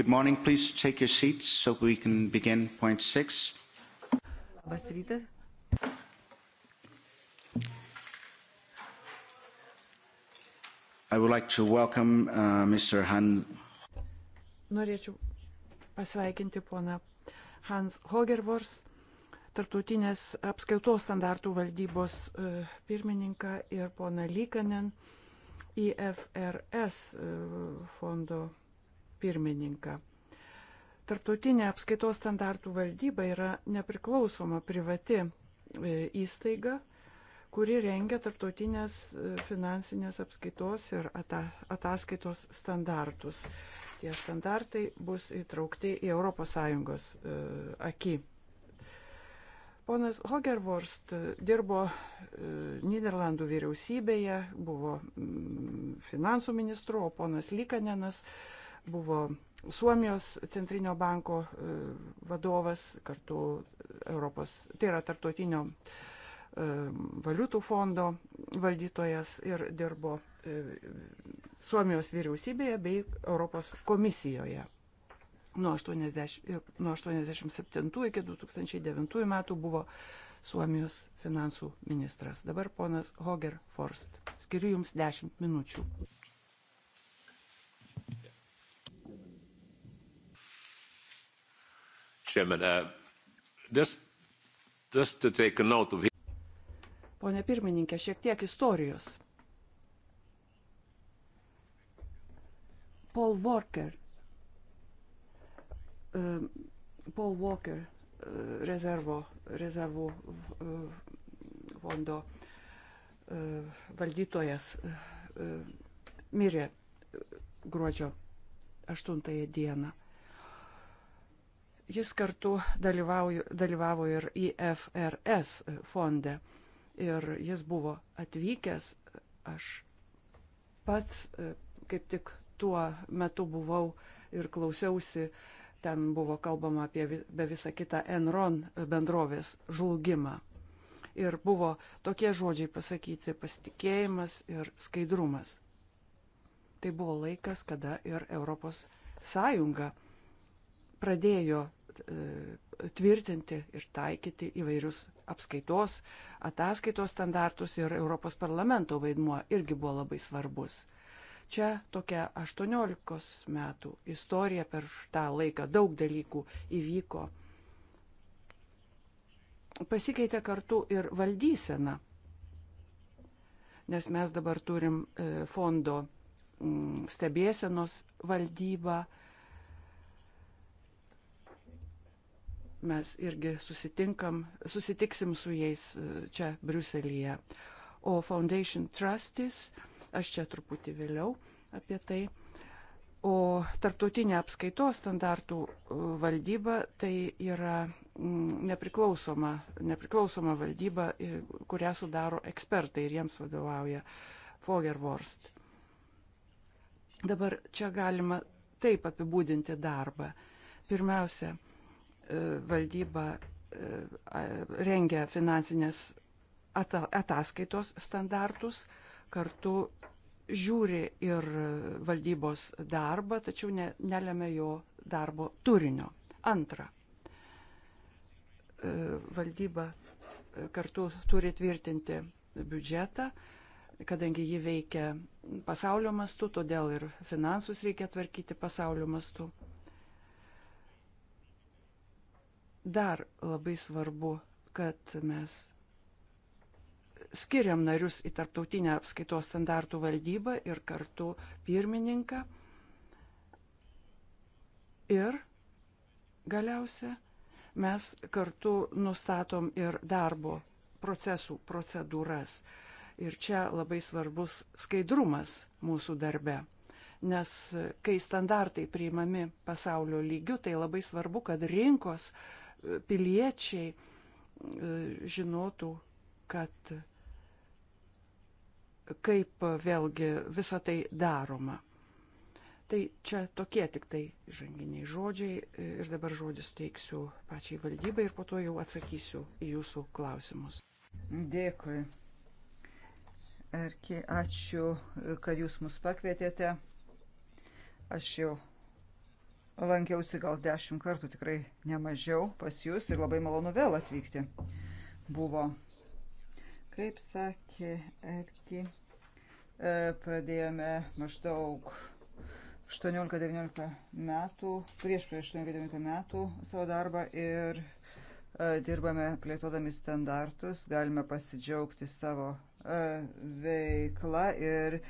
Good morning, please take your seats so we can begin point six. Labas rytas. I would like to welcome uh, Mr. Han. Norėčiau pasveikinti poną Hans Hogervors, tarptautinės apskaitos standartų valdybos uh, pirmininką ir poną Lykanen, IFRS uh, fondo pirmininką. Tarptautinė apskaitos standartų valdyba yra nepriklausoma privati e, įstaiga, kuri rengia tarptautinės e, finansinės apskaitos ir ataskaitos standartus. Tie standartai bus įtraukti į ES e, akį. Ponas Hogervorst dirbo Niderlandų vyriausybėje, buvo finansų ministru, o ponas Likanenas uh, buvo Suomijos centrinio banko e, vadovas, kartu Europos, tai yra tarptautinio e, valiutų fondo valdytojas ir dirbo e, Suomijos vyriausybėje bei Europos komisijoje. Nuo 87, nuo 87 iki 2009 metų buvo Suomijos finansų ministras. Dabar ponas Hoger Forst. Skiriu jums 10 minučių. Chairman, uh, just, just to take a note of... Pone pirmininkė, šiek tiek istorijos. Paul Walker, uh, Paul Walker uh, rezervo, rezervų uh, fondo uh, valdytojas uh, mirė gruodžio 8 dieną. Jis kartu dalyvavo ir IFRS fonde. Ir jis buvo atvykęs, aš pats e, kaip tik tuo metu buvau ir klausiausi, ten buvo kalbama apie be visą kitą Enron bendrovės žlugimą. Ir buvo tokie žodžiai pasakyti pasitikėjimas ir skaidrumas. Tai buvo laikas, kada ir Europos Sąjunga pradėjo e, tvirtinti ir taikyti įvairius apskaitos, ataskaitos standartus ir Europos parlamento vaidmuo irgi buvo labai svarbus. Čia tokia 18 metų istorija per tą laiką daug dalykų įvyko. Pasikeitė kartu ir valdysena, nes mes dabar turim e, fondo stebėsenos valdybą, mes irgi susitinkam, susitiksim su jais e, čia Briuselyje. O Foundation Trustees, aš čia truputį vėliau apie tai. O tarptautinė apskaitos standartų e, valdyba tai yra nepriklausoma, nepriklausoma valdyba, e, kurią sudaro ekspertai ir jiems vadovauja Fogervorst. Dabar čia galima taip apibūdinti darbą. Pirmiausia, E, valdyba e, rengia finansinės ataskaitos standartus, kartu žiūri ir valdybos darbą, tačiau ne, nelėmė jo darbo turinio. Antra, e, valdyba kartu turi tvirtinti biudžetą, kadangi ji veikia pasaulio mastu, todėl ir finansus reikia tvarkyti pasaulio mastu. Dar labai svarbu, kad mes skiriam narius į tarptautinę apskaitos standartų valdybą ir kartu pirmininką. Ir galiausia, mes kartu nustatom ir darbo procesų procedūras. Ir čia labai svarbus skaidrumas mūsų darbe. Nes kai standartai priimami pasaulio lygiu, tai labai svarbu, kad rinkos uh, piliečiai e, žinotų, kad kaip vėlgi visa tai daroma. Tai čia tokie tik tai žanginiai žodžiai ir dabar žodis teiksiu pačiai valdybai ir po to jau atsakysiu į jūsų klausimus. Dėkui. Erki, ačiū, kad jūs mus pakvietėte. Aš jau Lankiausi gal dešimt kartų, tikrai nemažiau pas jūs ir labai malonu vėl atvykti. Buvo, kaip sakė Erki, e, pradėjome maždaug 18-19 metų, prieš prieš 18-19 metų savo darbą ir e, dirbame plėtodami standartus, galime pasidžiaugti savo e, veikla ir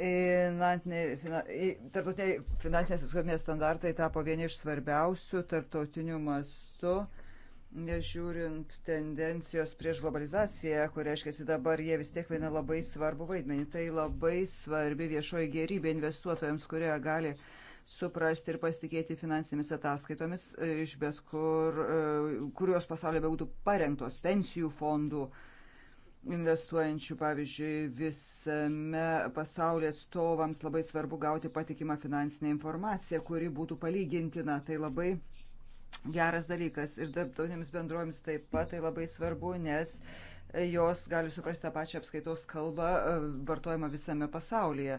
Tarptautiniai finansinės atsakomybės standartai tapo vieni iš svarbiausių tarptautinių mastų, nežiūrint tendencijos prieš globalizaciją, kur reiškia dabar, jie vis tiek vaidina labai svarbu vaidmenį. Tai labai svarbi viešoji gerybė investuotojams, kurie gali suprasti ir pasitikėti finansinėmis ataskaitomis e, iš bet kur, e, kurios pasaulio būtų parengtos pensijų fondų. Uh, investuojančių, pavyzdžiui, visame pasaulyje atstovams labai svarbu gauti patikimą finansinę informaciją, kuri būtų palygintina. Tai labai geras dalykas. Ir darbtautinėms bendrovėms taip pat tai labai svarbu, nes jos gali suprasti tą pačią apskaitos kalbą e, vartojimą visame pasaulyje.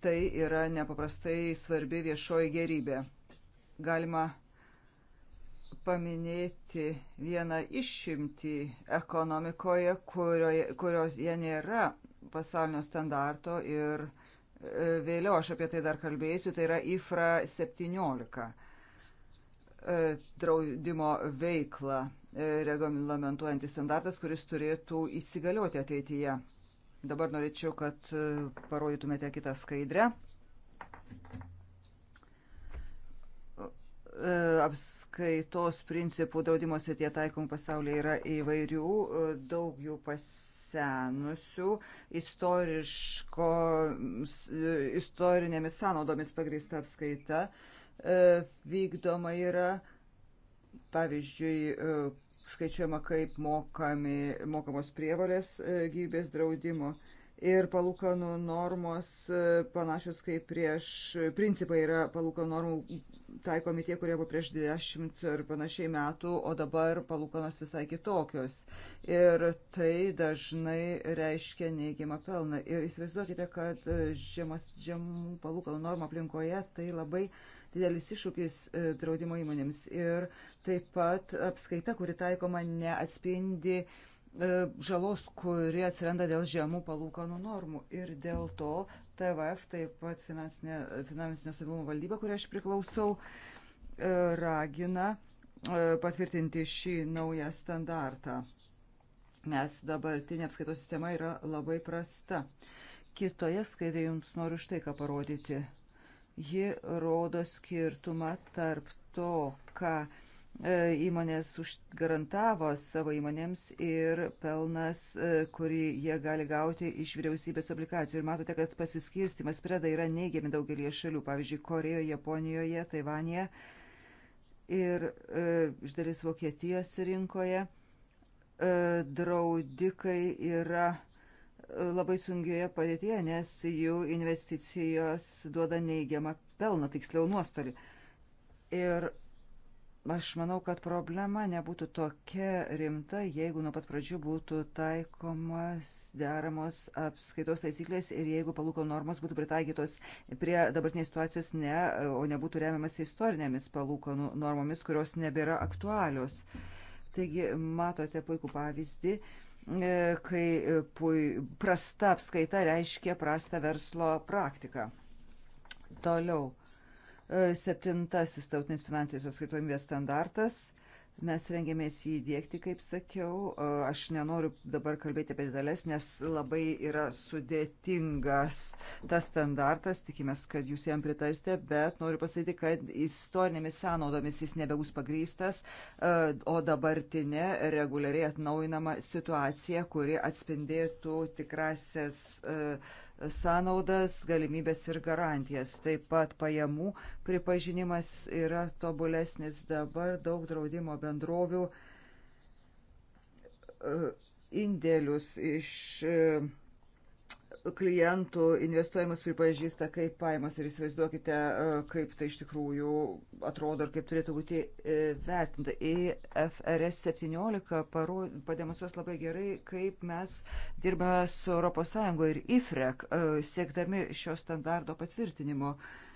Tai yra nepaprastai svarbi viešoji gerybė. Galima paminėti vieną išimtį ekonomikoje, kurioje, kurios jie nėra pasaulinio standarto ir e, vėliau aš apie tai dar kalbėsiu, tai yra IFRA 17 e, draudimo veiklą e, reglamentuojantis standartas, kuris turėtų įsigalioti ateityje. Dabar norėčiau, kad parodytumėte kitą skaidrę. E, apskaitos principų draudimo srityje taikomų pasaulyje yra įvairių, e, daug jų pasenusių, e, istorinėmis sąnaudomis pagrįsta apskaita vykdoma yra, pavyzdžiui, skaičiuojama kaip mokami, mokamos prievalės gyvybės draudimo ir palūkanų normos e, panašios kaip prieš, principai yra palūkanų normų taikomi tie, kurie buvo prieš 10 ir panašiai metų, o dabar palūkanos visai kitokios. Ir tai dažnai reiškia neigiamą pelną. Ir įsivaizduokite, kad e, žemos, žemų palūkanų normų aplinkoje tai labai didelis iššūkis e, draudimo įmonėms. Ir taip pat apskaita, kuri taikoma, neatspindi E, žalos, kuri atsiranda dėl žemų palūkanų normų. Ir dėl to TVF, taip pat finansinė, finansinio stabilumo valdyba, kurią aš priklausau, e, ragina e, patvirtinti šį naują standartą, nes dabartinė apskaitos sistema yra labai prasta. Kitoje skaidrėje jums noriu štai ką parodyti. Ji rodo skirtumą tarp to, ką E, įmonės užgarantavo savo įmonėms ir pelnas, e, kurį jie gali gauti iš vyriausybės obligacijų. Ir matote, kad pasiskirstimas predai yra neigiami daugelie šalių, pavyzdžiui, Korejoje, Japonijoje, Taivanėje ir e, iš dalis Vokietijos rinkoje. E, draudikai yra e, labai sungioje padėtyje, nes jų investicijos duoda neigiamą pelną, tiksliau nuostolį. Ir Aš manau, kad problema nebūtų tokia rimta, jeigu nuo pat pradžių būtų taikomas deramos apskaitos taisyklės ir jeigu palūko normos būtų pritaikytos prie dabartinės situacijos, ne, o nebūtų remiamas istorinėmis palūkanų normomis, kurios nebėra aktualios. Taigi matote puikų pavyzdį, e, kai pui, prasta apskaita reiškia prastą verslo praktiką. Toliau Septintasis tautinis finansinės atskaitomybės standartas. Mes rengėmės jį įdėkti, kaip sakiau. Aš nenoriu dabar kalbėti apie didelės, nes labai yra sudėtingas tas standartas. Tikimės, kad jūs jam pritarsite, bet noriu pasakyti, kad istorinėmis sąnaudomis jis nebebus pagrystas, o dabartinė reguliariai atnaujinama situacija, kuri atspindėtų tikrasias. Uh, sąnaudas, galimybės ir garantijas. Taip pat pajamų pripažinimas yra tobulesnis dabar daug draudimo bendrovių e, indėlius iš e, klientų investuojimus pripažįsta kaip paimas ir įsivaizduokite, e, kaip tai iš tikrųjų atrodo ir kaip turėtų būti e, vertinta. IFRS 17 pademonstruos labai gerai, kaip mes dirbame su ES ir IFREC e, siekdami šio standarto patvirtinimo. Uh,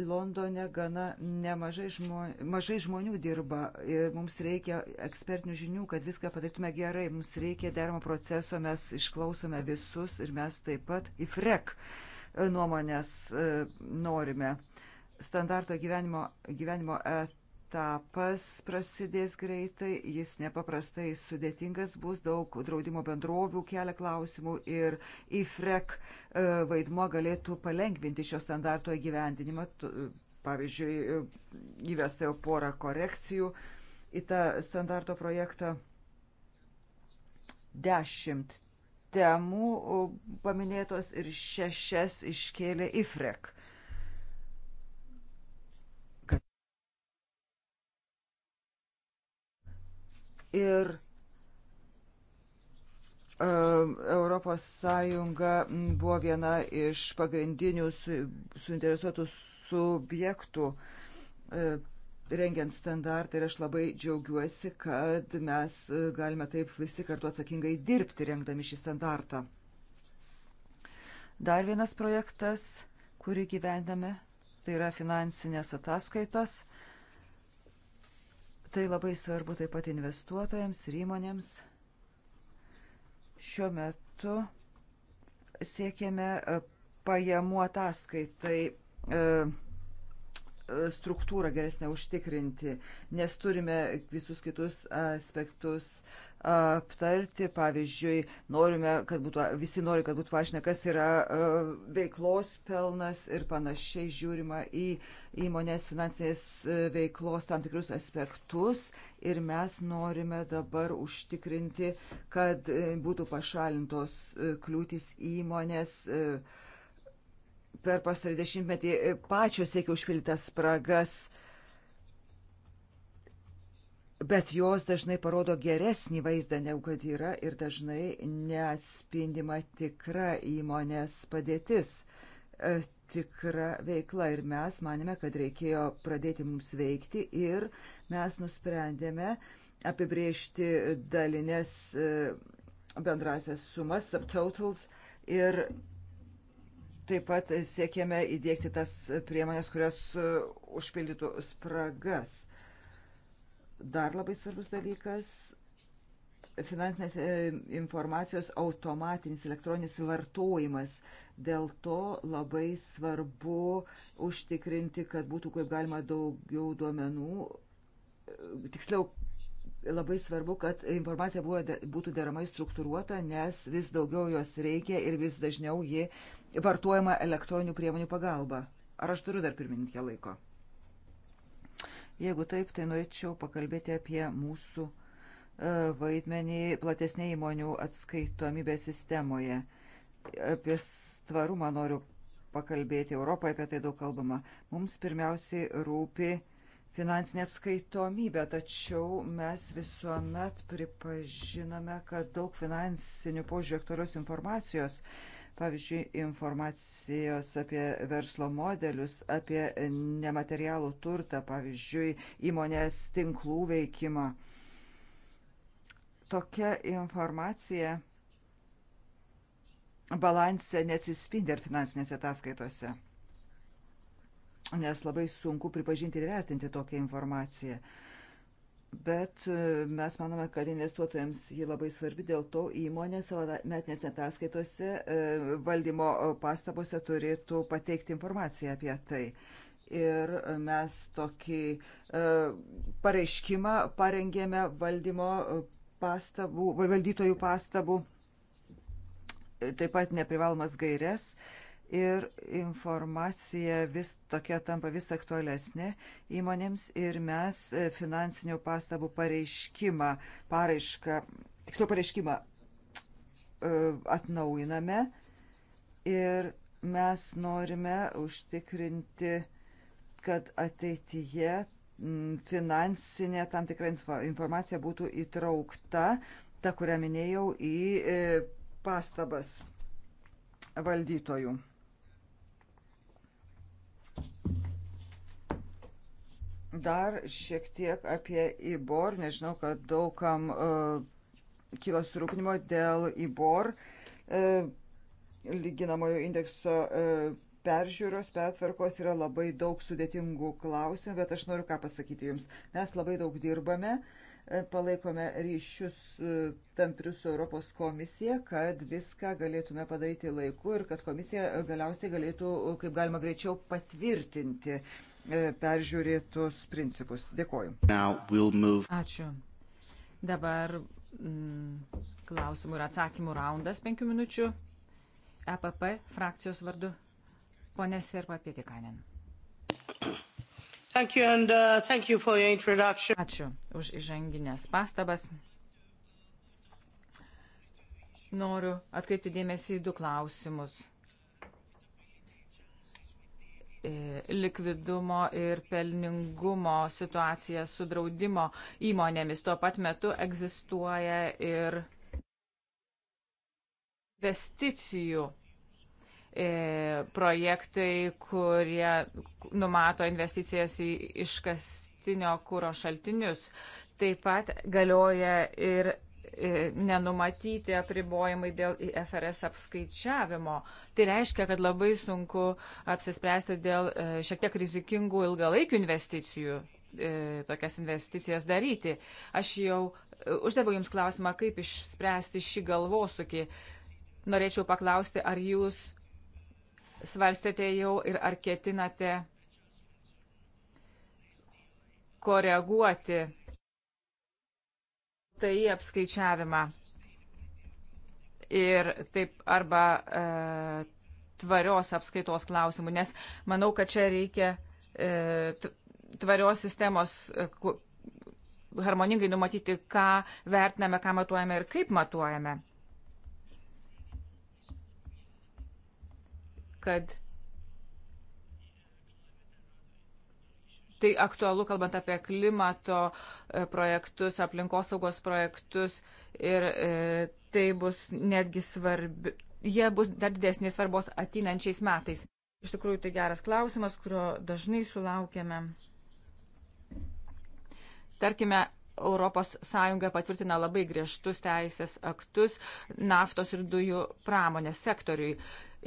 Londone gana nemažai žmonių, mažai žmonių dirba ir mums reikia ekspertinių žinių, kad viską padarytume gerai. Mums reikia dermo proceso, mes išklausome visus ir mes taip pat į frek nuomonės e, norime. Standarto gyvenimo, gyvenimo et etapas prasidės greitai, jis nepaprastai sudėtingas bus, daug draudimo bendrovių kelia klausimų ir IFREK e, vaidmo galėtų palengvinti šio standarto įgyvendinimą. Pavyzdžiui, e, įvesta jau porą korekcijų į tą standarto projektą. Dešimt temų paminėtos ir šešias iškėlė IFREK ir e, Europos Sąjunga buvo viena iš pagrindinių su, suinteresuotų subjektų e, rengiant standartą ir aš labai džiaugiuosi, kad mes e, galime taip visi kartu atsakingai dirbti rengdami šį standartą. Dar vienas projektas, kurį gyvendame, tai yra finansinės ataskaitos – Tai labai svarbu taip pat investuotojams ir įmonėms. Šiuo metu siekėme e, pajamų ataskaitai e, struktūrą geresnę užtikrinti, nes turime visus kitus aspektus aptarti. Pavyzdžiui, norime, kad būtų, visi nori, kad būtų paaiškinę, kas yra e, veiklos pelnas ir panašiai žiūrima į įmonės finansinės e, veiklos tam tikrus aspektus ir mes norime dabar užtikrinti, kad e, būtų pašalintos kliūtis įmonės. E, per pastarį dešimtmetį pačios siekia užpildytas spragas, bet jos dažnai parodo geresnį vaizdą negu kad yra ir dažnai neatspindima tikra įmonės padėtis, e, tikra veikla. Ir mes manėme, kad reikėjo pradėti mums veikti ir mes nusprendėme apibriežti dalinės e, bendrasias sumas, subtotals ir Taip pat siekėme įdėkti tas priemonės, kurios užpildytų spragas. Dar labai svarbus dalykas - finansinės e, informacijos automatinis elektroninis vartojimas. Dėl to labai svarbu užtikrinti, kad būtų kaip galima daugiau duomenų, e, tiksliau, labai svarbu, kad informacija buvo, būtų deramai struktūruota, nes vis daugiau jos reikia ir vis dažniau ji vartojama elektroninių priemonių pagalba. Ar aš turiu dar pirmininkę laiko? Jeigu taip, tai norėčiau pakalbėti apie mūsų e, vaidmenį platesnė įmonių atskaitomybės sistemoje. Apie tvarumą noriu pakalbėti Europoje, apie tai daug kalbama. Mums pirmiausiai rūpi uh, finansinę skaitomybę, tačiau mes visuomet pripažinome, kad daug finansinių požiūrį aktualios informacijos, pavyzdžiui, informacijos apie verslo modelius, apie nematerialų turtą, pavyzdžiui, įmonės tinklų veikimą. Tokia informacija balanse neatsispindi ar finansinėse ataskaitose nes labai sunku pripažinti ir vertinti tokią informaciją. Bet e, mes manome, kad investuotojams ji labai svarbi, dėl to įmonė savo metinėse ataskaitose e, valdymo pastabose turėtų pateikti informaciją apie tai. Ir mes tokį e, pareiškimą parengėme valdymo pastabų, valdytojų pastabų, taip pat neprivalomas gairias ir informacija vis tokia tampa vis aktualesnė įmonėms ir mes e, finansinių pastabų pareiškimą, paraišką, tiksliau pareiškimą e, atnaujiname ir mes norime užtikrinti, kad ateityje finansinė tam tikra informacija būtų įtraukta, ta, kurią minėjau, į e, pastabas valdytojų. Dar šiek tiek apie IBOR. Nežinau, kad daugam uh, kyla surūpinimo dėl IBOR uh, lyginamojo indekso uh, peržiūros, pertvarkos yra labai daug sudėtingų klausimų, bet aš noriu ką pasakyti jums. Mes labai daug dirbame, palaikome ryšius tamprius su Europos komisija, kad viską galėtume padaryti laiku ir kad komisija galiausiai galėtų kaip galima greičiau patvirtinti uh, E, peržiūrėtus principus. Dėkoju. We'll Ačiū. Dabar mm, klausimų ir atsakymų raundas penkių minučių. EPP frakcijos vardu. Pone Sirpa Pietikanin. Thank you and, uh, thank you for your introduction. Ačiū už įžanginės pastabas. Noriu atkreipti dėmesį į du klausimus E, likvidumo ir pelningumo situacija su draudimo įmonėmis. Tuo pat metu egzistuoja ir investicijų e, projektai, kurie numato investicijas į iškastinio kūro šaltinius. Taip pat galioja ir E, nenumatyti apribojimai dėl IFRS apskaičiavimo. Tai reiškia, kad labai sunku apsispręsti dėl e, šiek tiek rizikingų ilgalaikių investicijų e, tokias investicijas daryti. Aš jau uždaviau Jums klausimą, kaip išspręsti šį galvosūkį. Norėčiau paklausti, ar Jūs svarstėte jau ir ar ketinate koreguoti VTI apskaičiavimą ir taip arba e, tvarios apskaitos klausimų, nes manau, kad čia reikia e, tvarios sistemos e, harmoningai numatyti, ką vertiname, ką matuojame ir kaip matuojame. Kad tai aktualu, kalbant apie klimato e, projektus, aplinkosaugos projektus ir e, tai bus netgi svarbi, jie bus dar didesnės svarbos ateinančiais metais. Iš tikrųjų, tai geras klausimas, kurio dažnai sulaukėme. Tarkime, ES patvirtina labai griežtus teisės aktus naftos ir dujų pramonės sektoriui.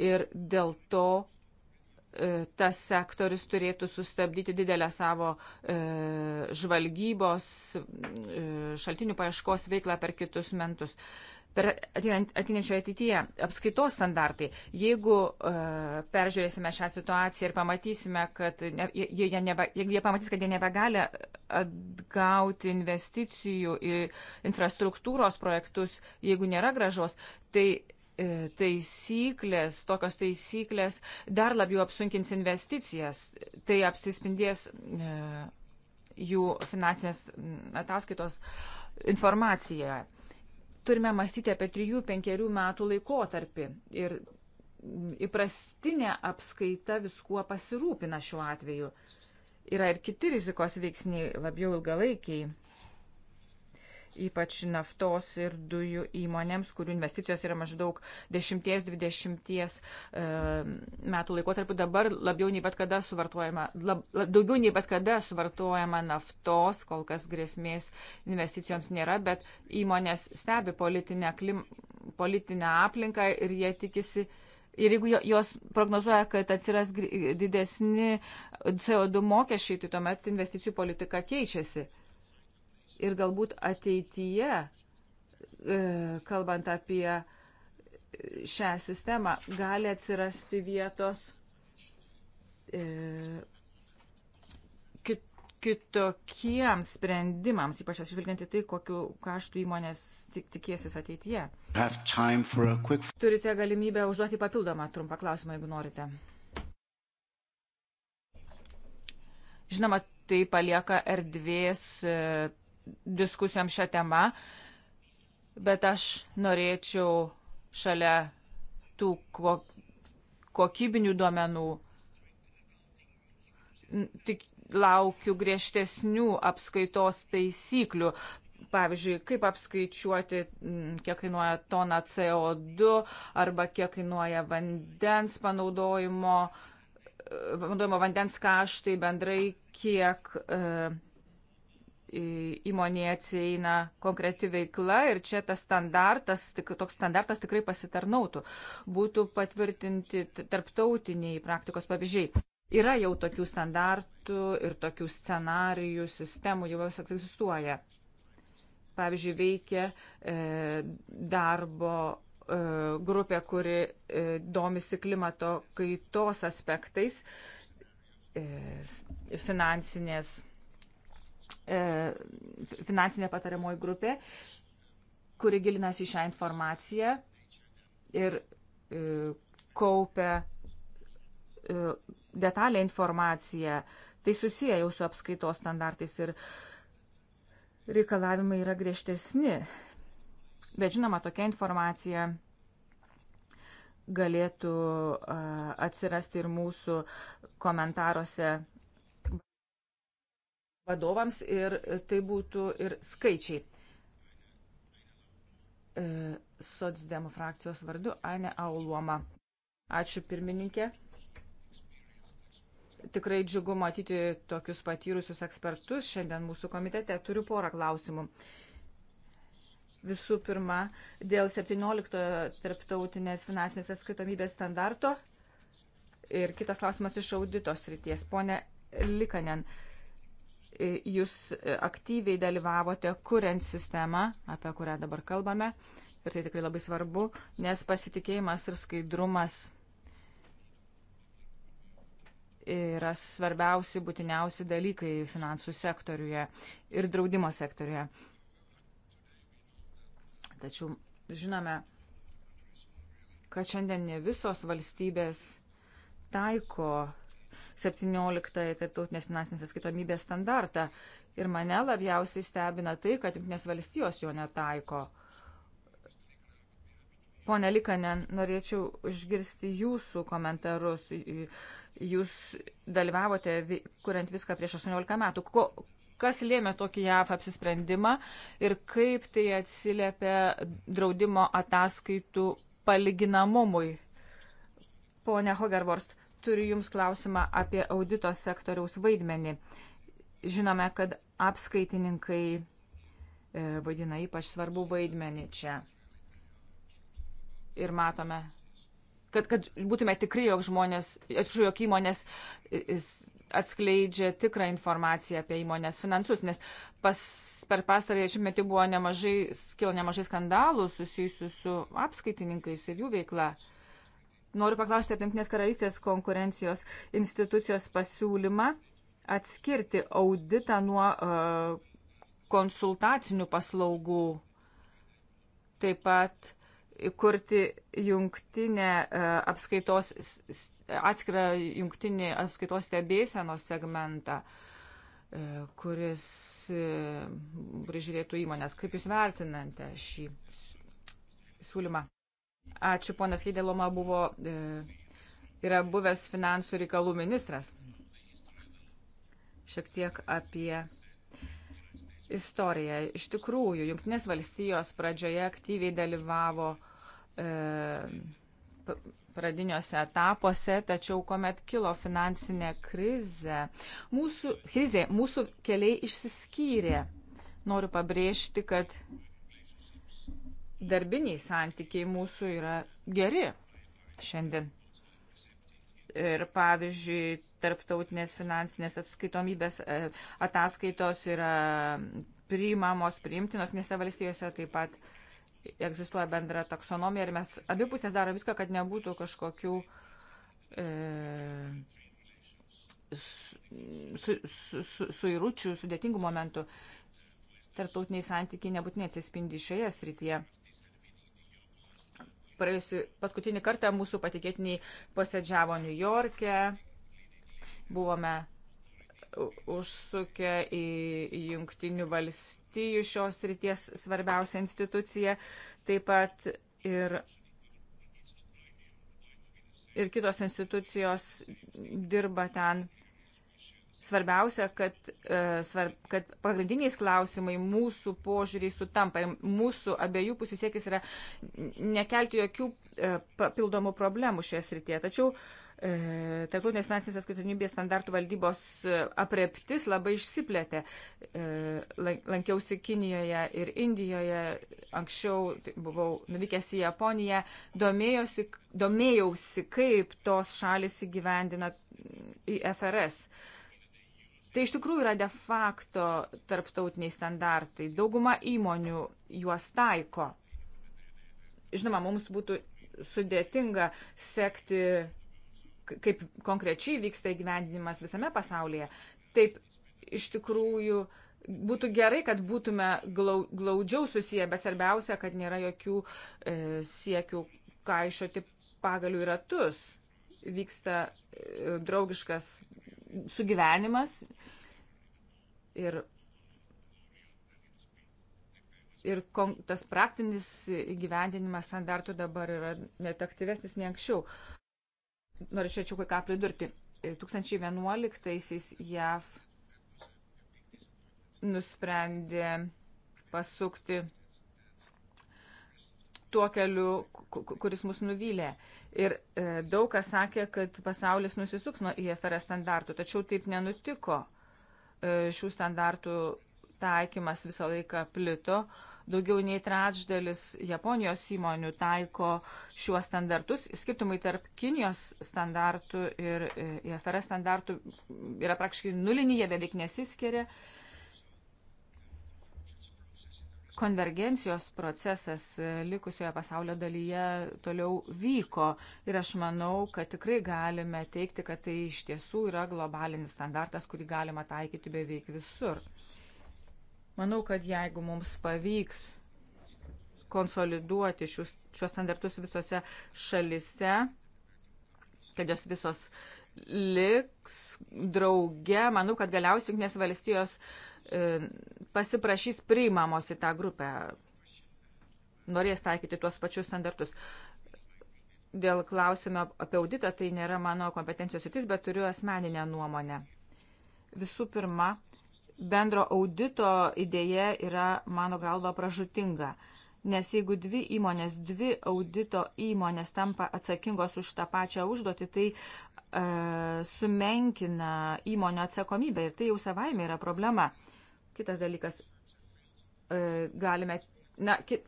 Ir dėl to E, tas sektorius turėtų sustabdyti didelę savo e, žvalgybos e, šaltinių paieškos veiklą per kitus metus. Per atinančioje ateityje apskaitos standartai. Jeigu e, peržiūrėsime šią situaciją ir pamatysime, kad ne, jie, jie nebe, jeigu jie pamatys, kad jie nebegali atgauti investicijų į infrastruktūros projektus, jeigu nėra gražos, tai E, taisyklės, tokios taisyklės dar labiau apsunkins investicijas. Tai apsispindės e, jų finansinės mm, ataskaitos informacijoje. Turime mąstyti apie 3-5 metų laikotarpį ir įprastinė apskaita viskuo pasirūpina šiuo atveju. Yra ir kiti rizikos veiksniai, labiau ilgalaikiai ypač naftos ir dujų įmonėms, kurių investicijos yra maždaug 10-20 e, metų laikotarpiu. Dabar labiau nei bet kada suvartojama, lab, daugiau nei bet kada suvartojama naftos, kol kas grėsmės investicijoms nėra, bet įmonės stebi politinę, klim, politinę aplinką ir jie tikisi. Ir jeigu jos prognozuoja, kad atsiras didesni CO2 mokesčiai, tai tuomet investicijų politika keičiasi ir galbūt ateityje, e, kalbant apie šią sistemą, gali atsirasti vietos e, kitokiems sprendimams, ypač atsižvelgiant į tai, kokiu kaštų įmonės tik, tikėsis ateityje. Quick... Turite galimybę užduoti papildomą trumpą klausimą, jeigu norite. Žinoma, tai palieka erdvės e, diskusijom šią temą, bet aš norėčiau šalia tų kokybinių duomenų tik laukiu griežtesnių apskaitos taisyklių. Pavyzdžiui, kaip apskaičiuoti, kiek kainuoja tona CO2 arba kiek kainuoja vandens panaudojimo, e, panaudojimo vandens kaštai bendrai, kiek e, įmonėje atsieina konkreti veikla ir čia tas standartas, toks standartas tikrai pasitarnautų, būtų patvirtinti tarptautiniai praktikos pavyzdžiai. Yra jau tokių standartų ir tokių scenarijų, sistemų jau jos egzistuoja. Pavyzdžiui, veikia e, darbo e, grupė, kuri e, domisi klimato kaitos aspektais, e, finansinės E, finansinė patariamoji grupė, kuri gilinasi šią informaciją ir e, kaupia e, detalę informaciją. Tai susiję jau su apskaitos standartais ir reikalavimai yra griežtesni. Bet žinoma, tokia informacija galėtų atsirasti ir mūsų komentaruose vadovams ir tai būtų ir skaičiai. E, Sodsdemų frakcijos vardu Aine Auluoma. Ačiū pirmininkė. Tikrai džiugu matyti tokius patyrusius ekspertus šiandien mūsų komitete. Turiu porą klausimų. Visų pirma, dėl 17 tarptautinės finansinės atskaitomybės standarto ir kitas klausimas iš audito srities. Pone Likanen, uh, jūs aktyviai dalyvavote kuriant sistemą, apie kurią dabar kalbame. Ir tai tikrai labai svarbu, nes pasitikėjimas ir skaidrumas yra svarbiausi, būtiniausi dalykai finansų sektoriuje ir draudimo sektoriuje. Tačiau žinome, kad šiandien ne visos valstybės taiko 17 tarptautinės finansinės atskaitomybės standartą. Ir mane labiausiai stebina tai, kad Junktinės valstijos jo netaiko. Pone Likanen, norėčiau išgirsti jūsų komentarus. Jūs dalyvavote, kuriant viską prieš 18 metų. Ko, kas lėmė tokį JAF apsisprendimą ir kaip tai atsiliepia draudimo ataskaitų palyginamumui? Pone Hogervorst, turiu Jums klausimą apie audito sektoriaus vaidmenį. Žinome, kad apskaitininkai e, vaidina ypač svarbu vaidmenį čia. Ir matome, kad, kad būtume tikri, jog žmonės, atsiprašau, jog įmonės atskleidžia tikrą informaciją apie įmonės finansus, nes pas, per pastarąjį šimtmetį buvo nemažai, kilo nemažai skandalų susijusių su apskaitininkais ir jų veikla. Uh, noriu paklausti apie Junktinės karalystės konkurencijos institucijos pasiūlymą atskirti auditą nuo uh, konsultacinių paslaugų, taip pat įkurti jungtinę uh, apskaitos, atskirą jungtinį apskaitos stebėsenos segmentą, uh, kuris prižiūrėtų įmonės. Kaip Jūs vertinate šį siūlymą? Ačiū, ponas Heideloma buvo, e, yra buvęs finansų reikalų ministras. Šiek tiek apie istoriją. Iš tikrųjų, Junktinės valstijos pradžioje aktyviai dalyvavo e, pradiniuose etapuose, tačiau kuomet kilo finansinė krizė, mūsų, krizė, mūsų keliai išsiskyrė. Noriu pabrėžti, kad darbiniai santykiai mūsų yra geri šiandien. Ir pavyzdžiui, tarptautinės finansinės atskaitomybės e, ataskaitos yra priimamos, priimtinos, nes valstijose taip pat egzistuoja bendra taksonomija ir mes abipusės daro viską, kad nebūtų kažkokių e, su, su, su, suiručių, sudėtingų momentų. Tarptautiniai santykiai nebūtinai atsispindi šioje srityje. Praėjusi, paskutinį kartą mūsų patikėtiniai posėdžiavo New York'e, buvome užsukę į Junktinių valstijų šios ryties svarbiausią instituciją, taip pat ir, ir kitos institucijos dirba ten Svarbiausia, kad, e, svarb, kad pagrindiniais klausimai mūsų požiūriai sutampa. Mūsų abiejų pusių siekis yra nekelti jokių e, papildomų problemų šioje srityje. Tačiau e, Tarptautinės finansinės atskaitomybės standartų valdybos apreptis labai išsiplėtė. Lankiausi Kinijoje ir Indijoje, anksčiau tai buvau nuvykęs į Japoniją, domėjausi, domėjausi kaip tos šalis įgyvendina į FRS. Uh, Tai iš tikrųjų yra de facto tarptautiniai standartai. Dauguma įmonių juos taiko. Žinoma, mums būtų sudėtinga sekti, kaip konkrečiai vyksta įgyvendinimas visame pasaulyje. Taip, iš tikrųjų, būtų gerai, kad būtume glaudžiau susiję, bet svarbiausia, kad nėra jokių e, siekių kaišoti pagalių į ratus. Vyksta e, draugiškas sugyvenimas ir, ir kom, tas praktinis įgyvendinimas standartų dabar yra net aktyvesnis nei anksčiau. Norėčiau kai ką pridurti. 2011-aisiais JAV nusprendė pasukti tuo keliu, kuris mus nuvylė. Ir e, daug kas sakė, kad pasaulis nusisuks nuo IFRS standartų, tačiau taip nenutiko. E, šių standartų taikymas visą laiką plito. Daugiau nei trečdalis Japonijos įmonių taiko šiuos standartus. Skirtumai tarp Kinijos standartų ir e, IFRS standartų yra praktiškai nuliniai, jie beveik nesiskiria. E, konvergencijos procesas e, likusioje pasaulio dalyje toliau vyko ir aš manau, kad tikrai galime teikti, kad tai iš tiesų yra globalinis standartas, kurį galima taikyti beveik visur. Manau, kad jeigu mums pavyks konsoliduoti šius, šios standartus visose šalise, kad jos visos liks drauge, manau, kad galiausiai Junktinės valstijos uh, E, pasiprašys priimamos į tą grupę, norės taikyti tuos pačius standartus. Dėl klausimo apie auditą tai nėra mano kompetencijos sutis, bet turiu asmeninę nuomonę. Visų pirma, bendro audito idėja yra mano galva pražutinga. Nes jeigu dvi įmonės, dvi audito įmonės tampa atsakingos už tą pačią užduotį, tai e, sumenkina įmonio atsakomybę ir tai jau savaime yra problema. Kitas dalykas, e, galime, na, kit,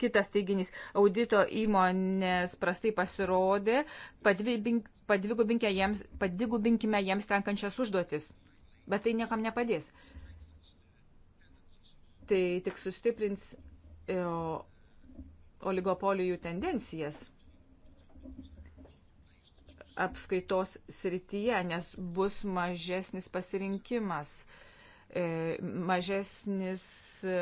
kitas teiginys, audito įmonės prastai pasirodė, padvibink, padvigubinkime jiems, padvigubinkime jiems tenkančias užduotis, bet tai niekam nepadės. Tai tik sustiprins e, o, oligopolijų tendencijas apskaitos srityje, nes bus mažesnis pasirinkimas. Uh, E, mažesnis e,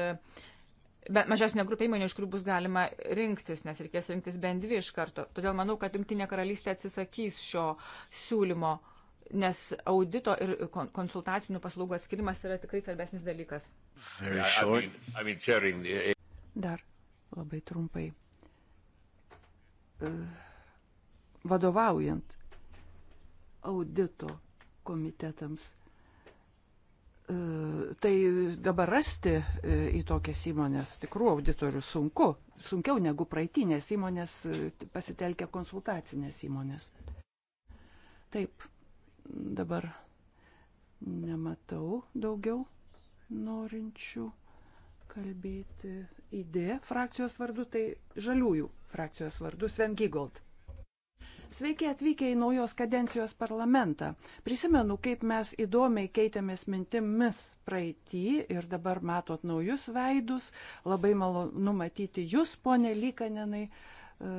bet mažesnė grupė įmonių, iš kurių bus galima rinktis, nes reikės rinktis bent dvi iš karto. Todėl manau, kad Junktinė karalystė atsisakys šio siūlymo, nes audito ir konsultacinių paslaugų atskirimas yra tikrai svarbesnis dalykas. Eh, eh. Dar labai trumpai. Eh, vadovaujant audito komitetams E, tai dabar rasti e, į tokias įmonės tikrų auditorių sunku, sunkiau negu praeitinės įmonės e, pasitelkia konsultacinės įmonės. Taip, dabar nematau daugiau norinčių kalbėti idėją frakcijos vardu, tai žaliųjų frakcijos vardu Sven Gigold. Sveiki atvykę į naujos kadencijos parlamentą. Prisimenu, kaip mes įdomiai keitėmės mintimis praeitį ir dabar matot naujus veidus. Labai malonu matyti jūs, ponė Lykanenai, e,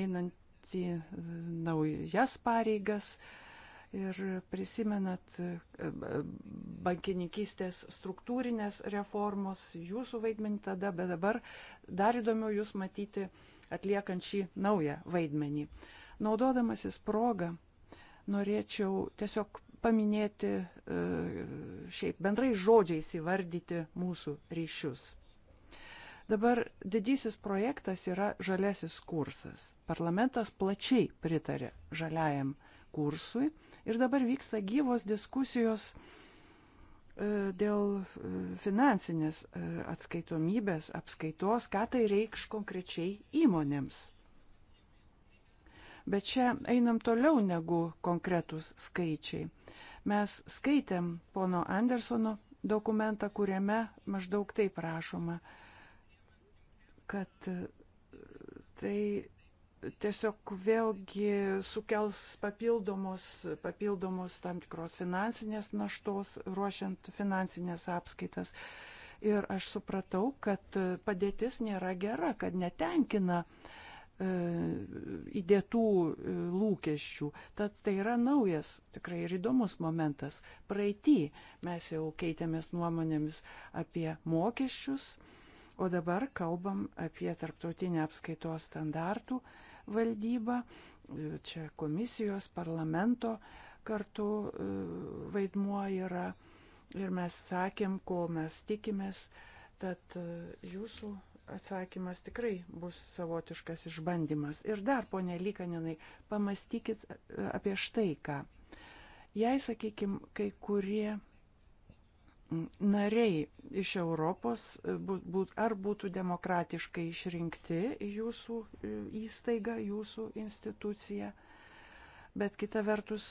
einant į e, naujas pareigas. Ir prisimenat e, bankininkystės struktūrinės reformos, jūsų vaidmenį tada, bet dabar dar įdomiau jūs matyti atliekant šį naują vaidmenį. Uh, Naudodamasis progą, norėčiau tiesiog paminėti, e, šiaip bendrai žodžiais įvardyti mūsų ryšius. Dabar didysis projektas yra žalesis kursas. Parlamentas plačiai pritarė žaliajam kursui ir dabar vyksta gyvos diskusijos e, dėl e, finansinės atskaitomybės, apskaitos, ką tai reikš konkrečiai įmonėms. Bet čia einam toliau negu konkretūs skaičiai. Mes skaitėm pono Andersono dokumentą, kuriame maždaug taip rašoma, kad e, tai tiesiog vėlgi sukels papildomos, papildomos tam tikros finansinės naštos, ruošiant finansinės apskaitas. Ir aš supratau, kad padėtis nėra gera, kad netenkina uh, E, įdėtų e, lūkesčių. Tad tai yra naujas, tikrai ir įdomus momentas. Praeitį mes jau keitėmės nuomonėmis apie mokesčius, o dabar kalbam apie tarptautinę apskaitos standartų valdybą, e, čia komisijos, parlamento kartu vaidmuo yra ir mes sakėm, ko mes tikimės, tad jūsų atsakymas tikrai bus savotiškas išbandymas. Ir dar, ponė Lykaninai, pamastykit e, apie štai ką. Jei, sakykime, kai kurie nariai iš Europos būt, e, būt, ar būtų demokratiškai išrinkti jūsų e, įstaiga, jūsų institucija, bet kita vertus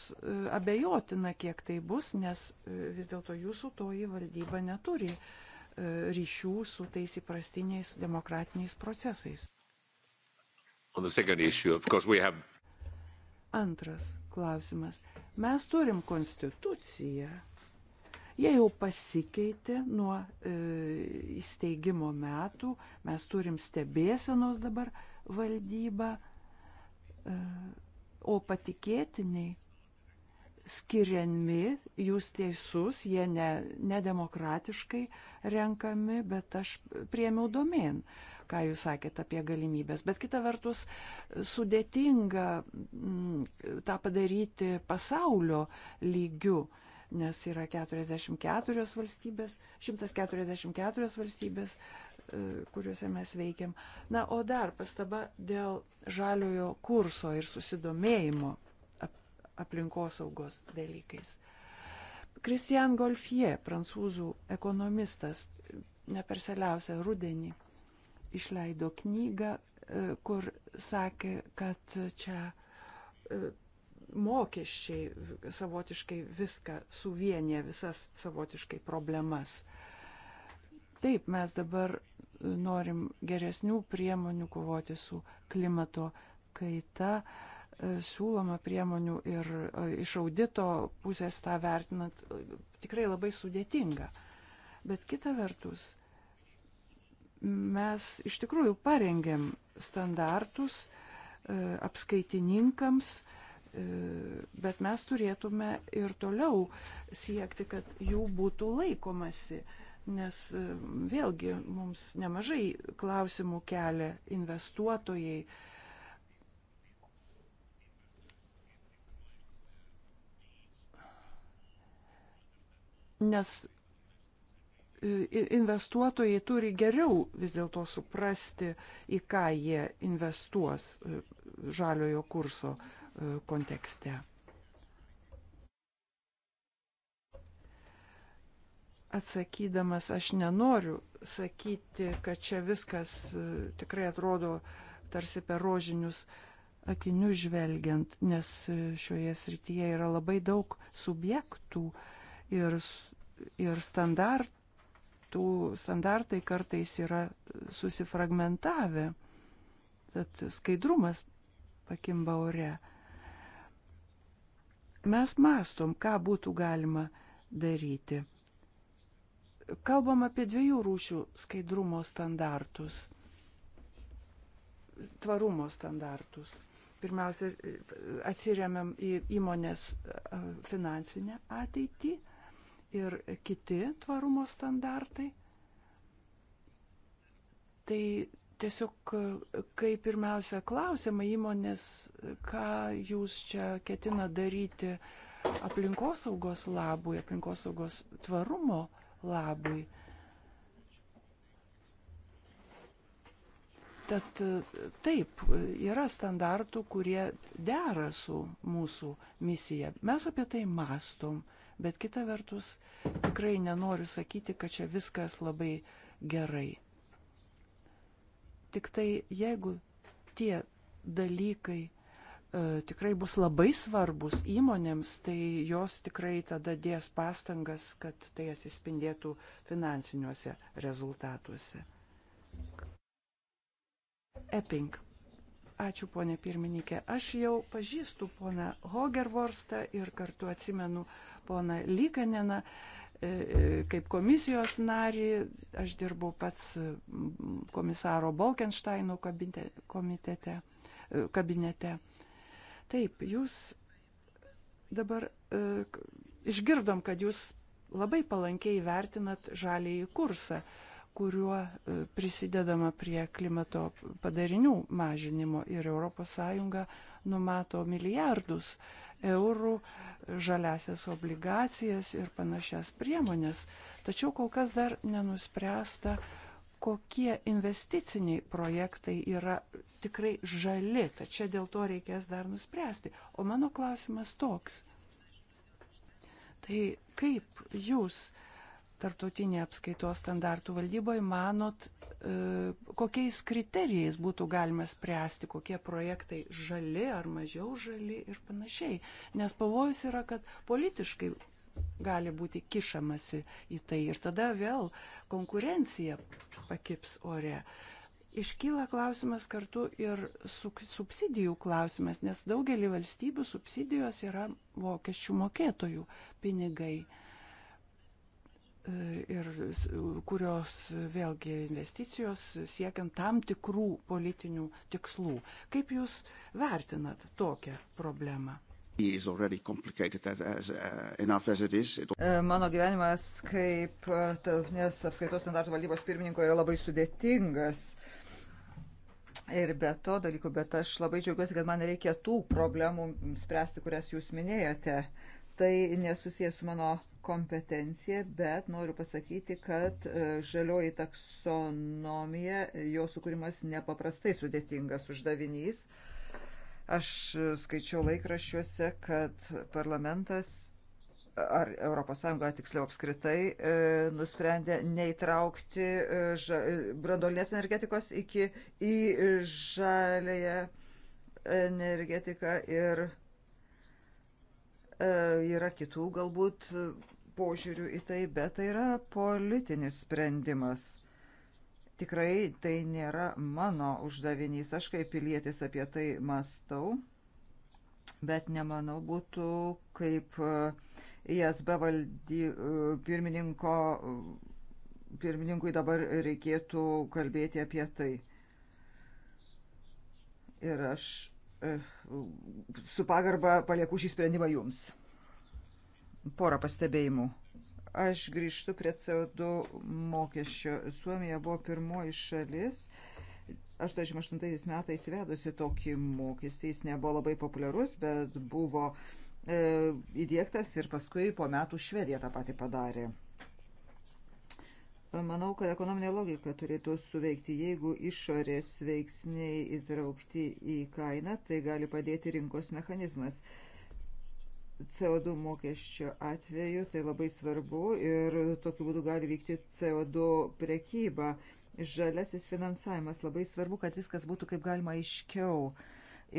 abejotina, kiek tai bus, nes vis dėlto jūsų toji valdyba neturi uh, E, ryšių su tais įprastiniais demokratiniais procesais. Issue, course, have... Antras klausimas. Mes turim konstituciją. Jie jau pasikeitė nuo e, įsteigimo metų, mes turim stebėsenos dabar valdybą, e, o patikėtiniai skiriami, jūs teisus, jie ne, nedemokratiškai renkami, bet aš priemiau domin, ką jūs sakėt apie galimybės. Bet kita vertus, sudėtinga m, mm, tą padaryti pasaulio lygiu, nes yra 44 valstybės, 144 valstybės, e, kuriuose mes veikiam. Na, o dar pastaba dėl žaliojo kurso ir susidomėjimo aplinkosaugos dalykais. Kristian Golfie, prancūzų ekonomistas, ne per seliausią rudenį išleido knygą, e, kur sakė, kad čia e, mokesčiai savotiškai viską suvienė, visas savotiškai problemas. Taip, mes dabar norim geresnių priemonių kovoti su klimato kaita, siūloma priemonių ir e, iš audito pusės tą vertinant e, tikrai labai sudėtinga. Bet kita vertus, mes iš tikrųjų parengėm standartus e, apskaitininkams, bet mes turėtume ir toliau siekti, kad jų būtų laikomasi nes vėlgi mums nemažai klausimų kelia investuotojai, nes e, investuotojai turi geriau vis dėlto suprasti, į ką jie investuos e, žaliojo kurso e, kontekste. Atsakydamas, aš nenoriu sakyti, kad čia viskas tikrai atrodo tarsi per rožinius akinius žvelgiant, nes šioje srityje yra labai daug subjektų, uh, ir, ir standartų, standartai kartais yra susifragmentavę. Tad skaidrumas pakimba ore. Mes mastom, ką būtų galima daryti. Kalbam apie dviejų rūšių skaidrumo standartus, tvarumo standartus pirmiausia, atsiriamėm į įmonės finansinę ateitį, ir kiti tvarumo standartai. Tai tiesiog, kai pirmiausia klausima įmonės, ką jūs čia ketina daryti aplinkosaugos labui, aplinkosaugos tvarumo labui. Tad taip, yra standartų, kurie dera su mūsų misija. Mes apie tai mastom. Uh, bet kita vertus tikrai nenoriu sakyti, kad čia viskas labai gerai. Tik tai jeigu tie dalykai e, tikrai bus labai svarbus įmonėms, tai jos tikrai tada dės pastangas, kad tai atsispindėtų finansiniuose rezultatuose. Epping. Ačiū, ponė pirmininkė. Aš jau pažįstu poną Hogervorstą ir kartu atsimenu poną Lykaneną e, e, kaip komisijos narį. Aš dirbau pats komisaro Bolkensteino komitete, e, kabinete. Taip, jūs dabar išgirdom, kad jūs labai palankiai vertinat žalį į kursą kuriuo e, prisidedama prie klimato padarinių mažinimo ir ES numato milijardus eurų e, žaliasias obligacijas ir panašias priemonės. Tačiau kol kas dar nenuspręsta, kokie investiciniai projektai yra tikrai žali. Tačiau dėl to reikės dar nuspręsti. O mano klausimas toks. Tai kaip jūs uh, tarptautinė apskaitos standartų valdyboje, manot, e, kokiais kriterijais būtų galima spręsti, kokie projektai žali ar mažiau žali ir panašiai. Nes pavojus yra, kad politiškai gali būti kišamasi į tai ir tada vėl konkurencija pakips ore. Iškyla klausimas kartu ir subsidijų klausimas, nes daugelį valstybių subsidijos yra mokesčių mokėtojų pinigai ir kurios vėlgi investicijos siekiant tam tikrų politinių tikslų. Kaip Jūs vertinat tokią problemą? Uh, e, mano gyvenimas kaip tarptautinės e, apskaitos standartų valdybos pirmininko yra labai sudėtingas. Ir be to dalykų, bet aš labai džiaugiuosi, kad man reikia tų problemų spręsti, kurias jūs minėjote. Tai nesusijęs su mano kompetencija, bet noriu pasakyti, kad e, žalioji taksonomija, jo sukūrimas nepaprastai sudėtingas uždavinys. Aš skaičiau laikraščiuose, kad parlamentas ar ES tiksliau apskritai e, nusprendė neįtraukti e, brandolinės energetikos iki į žalėje energetiką ir yra kitų galbūt požiūrių į tai, bet tai yra politinis sprendimas. Tikrai tai nėra mano uždavinys, aš kaip pilietis apie tai mastau, bet nemanau būtų kaip e, ISB valdy, e, pirmininko, pirmininkui dabar reikėtų kalbėti apie tai. Ir aš e, su pagarba palieku šį sprendimą jums porą pastebėjimų. Aš grįžtu prie CO2 mokesčio. Suomija buvo pirmoji šalis. 88 metais įvedusi tokį mokestį. Jis nebuvo labai populiarus, bet buvo e, įdėktas ir paskui po metų Švedija tą patį padarė. Manau, kad ekonominė logika turėtų suveikti. Jeigu išorės veiksniai įtraukti į kainą, tai gali padėti rinkos mechanizmas. CO2 mokesčio atveju, tai labai svarbu ir tokiu būdu gali vykti CO2 prekyba. Žalesis finansavimas labai svarbu, kad viskas būtų kaip galima aiškiau.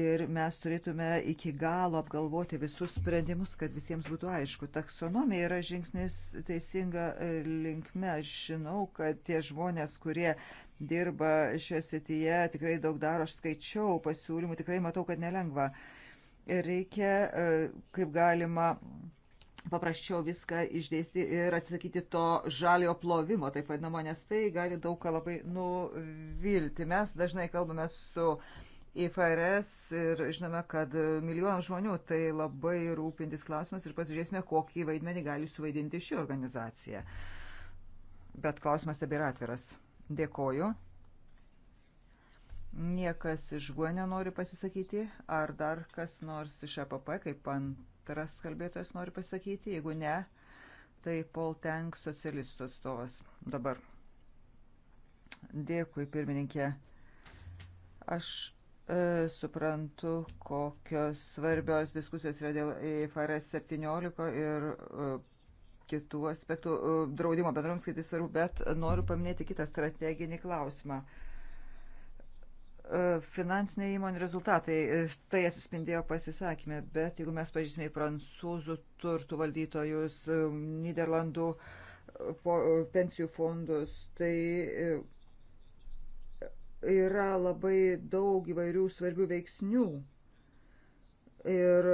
Ir mes turėtume iki galo apgalvoti visus sprendimus, kad visiems būtų aišku. Taksonomija yra žingsnis teisinga e, linkme. Aš žinau, kad tie žmonės, kurie dirba šioje srityje, tikrai daug daro. Aš skaičiau pasiūlymų, tikrai matau, kad nelengva. Uh, reikia e, kaip galima paprasčiau viską išdėsti ir atsakyti to žalio plovimo, taip vadinamo, nes tai gali daug ką labai nuvilti. Mes dažnai kalbame su IFRS ir žinome, kad milijonams žmonių tai labai rūpintis klausimas ir pasižiūrėsime, kokį vaidmenį gali suvaidinti ši organizacija. Bet klausimas tebėra atviras. Dėkoju. Niekas iš GUE nenori pasisakyti, ar dar kas nors iš EPP, kaip antras kalbėtojas, nori pasakyti. Jeigu ne, tai Paul Tank socialistų atstovas dabar. Dėkui, pirmininkė. Aš e, suprantu, kokios svarbios diskusijos yra dėl IFRS e 17 ir e, kitų aspektų e, draudimo bendroms, kad jis svarbu, bet noriu paminėti kitą strateginį klausimą. E, E, finansiniai įmonių rezultatai. E, tai atsispindėjo pasisakymė, bet jeigu mes pažįsime į prancūzų turtų valdytojus, e, Niderlandų pensijų fondus, tai yra labai daug įvairių svarbių veiksnių ir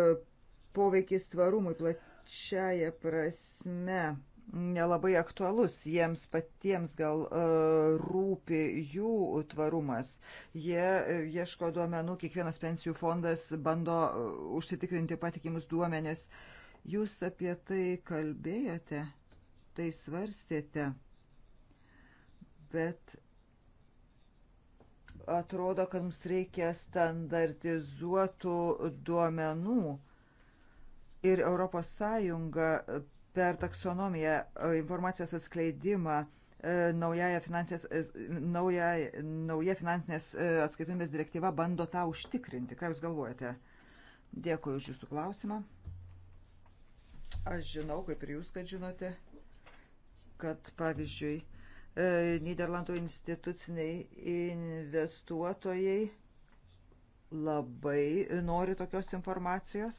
poveikis tvarumui plačiaja prasme nelabai aktualus, jiems patiems gal e, rūpi jų tvarumas. Jie e, ieško duomenų, kiekvienas pensijų fondas bando e, užsitikrinti patikimus duomenis. Jūs apie tai kalbėjote, tai svarstėte, bet atrodo, kad mums reikia standartizuotų duomenų. Ir ES per taksonomiją, e, informacijos atskleidimą, e, e, nauja finansinės atskaitomės direktyva bando tą užtikrinti. Ką Jūs galvojate? Dėkui už Jūsų klausimą. Aš žinau, kaip ir Jūs, kad žinote, kad pavyzdžiui, Niderlandų instituciniai investuotojai labai nori tokios informacijos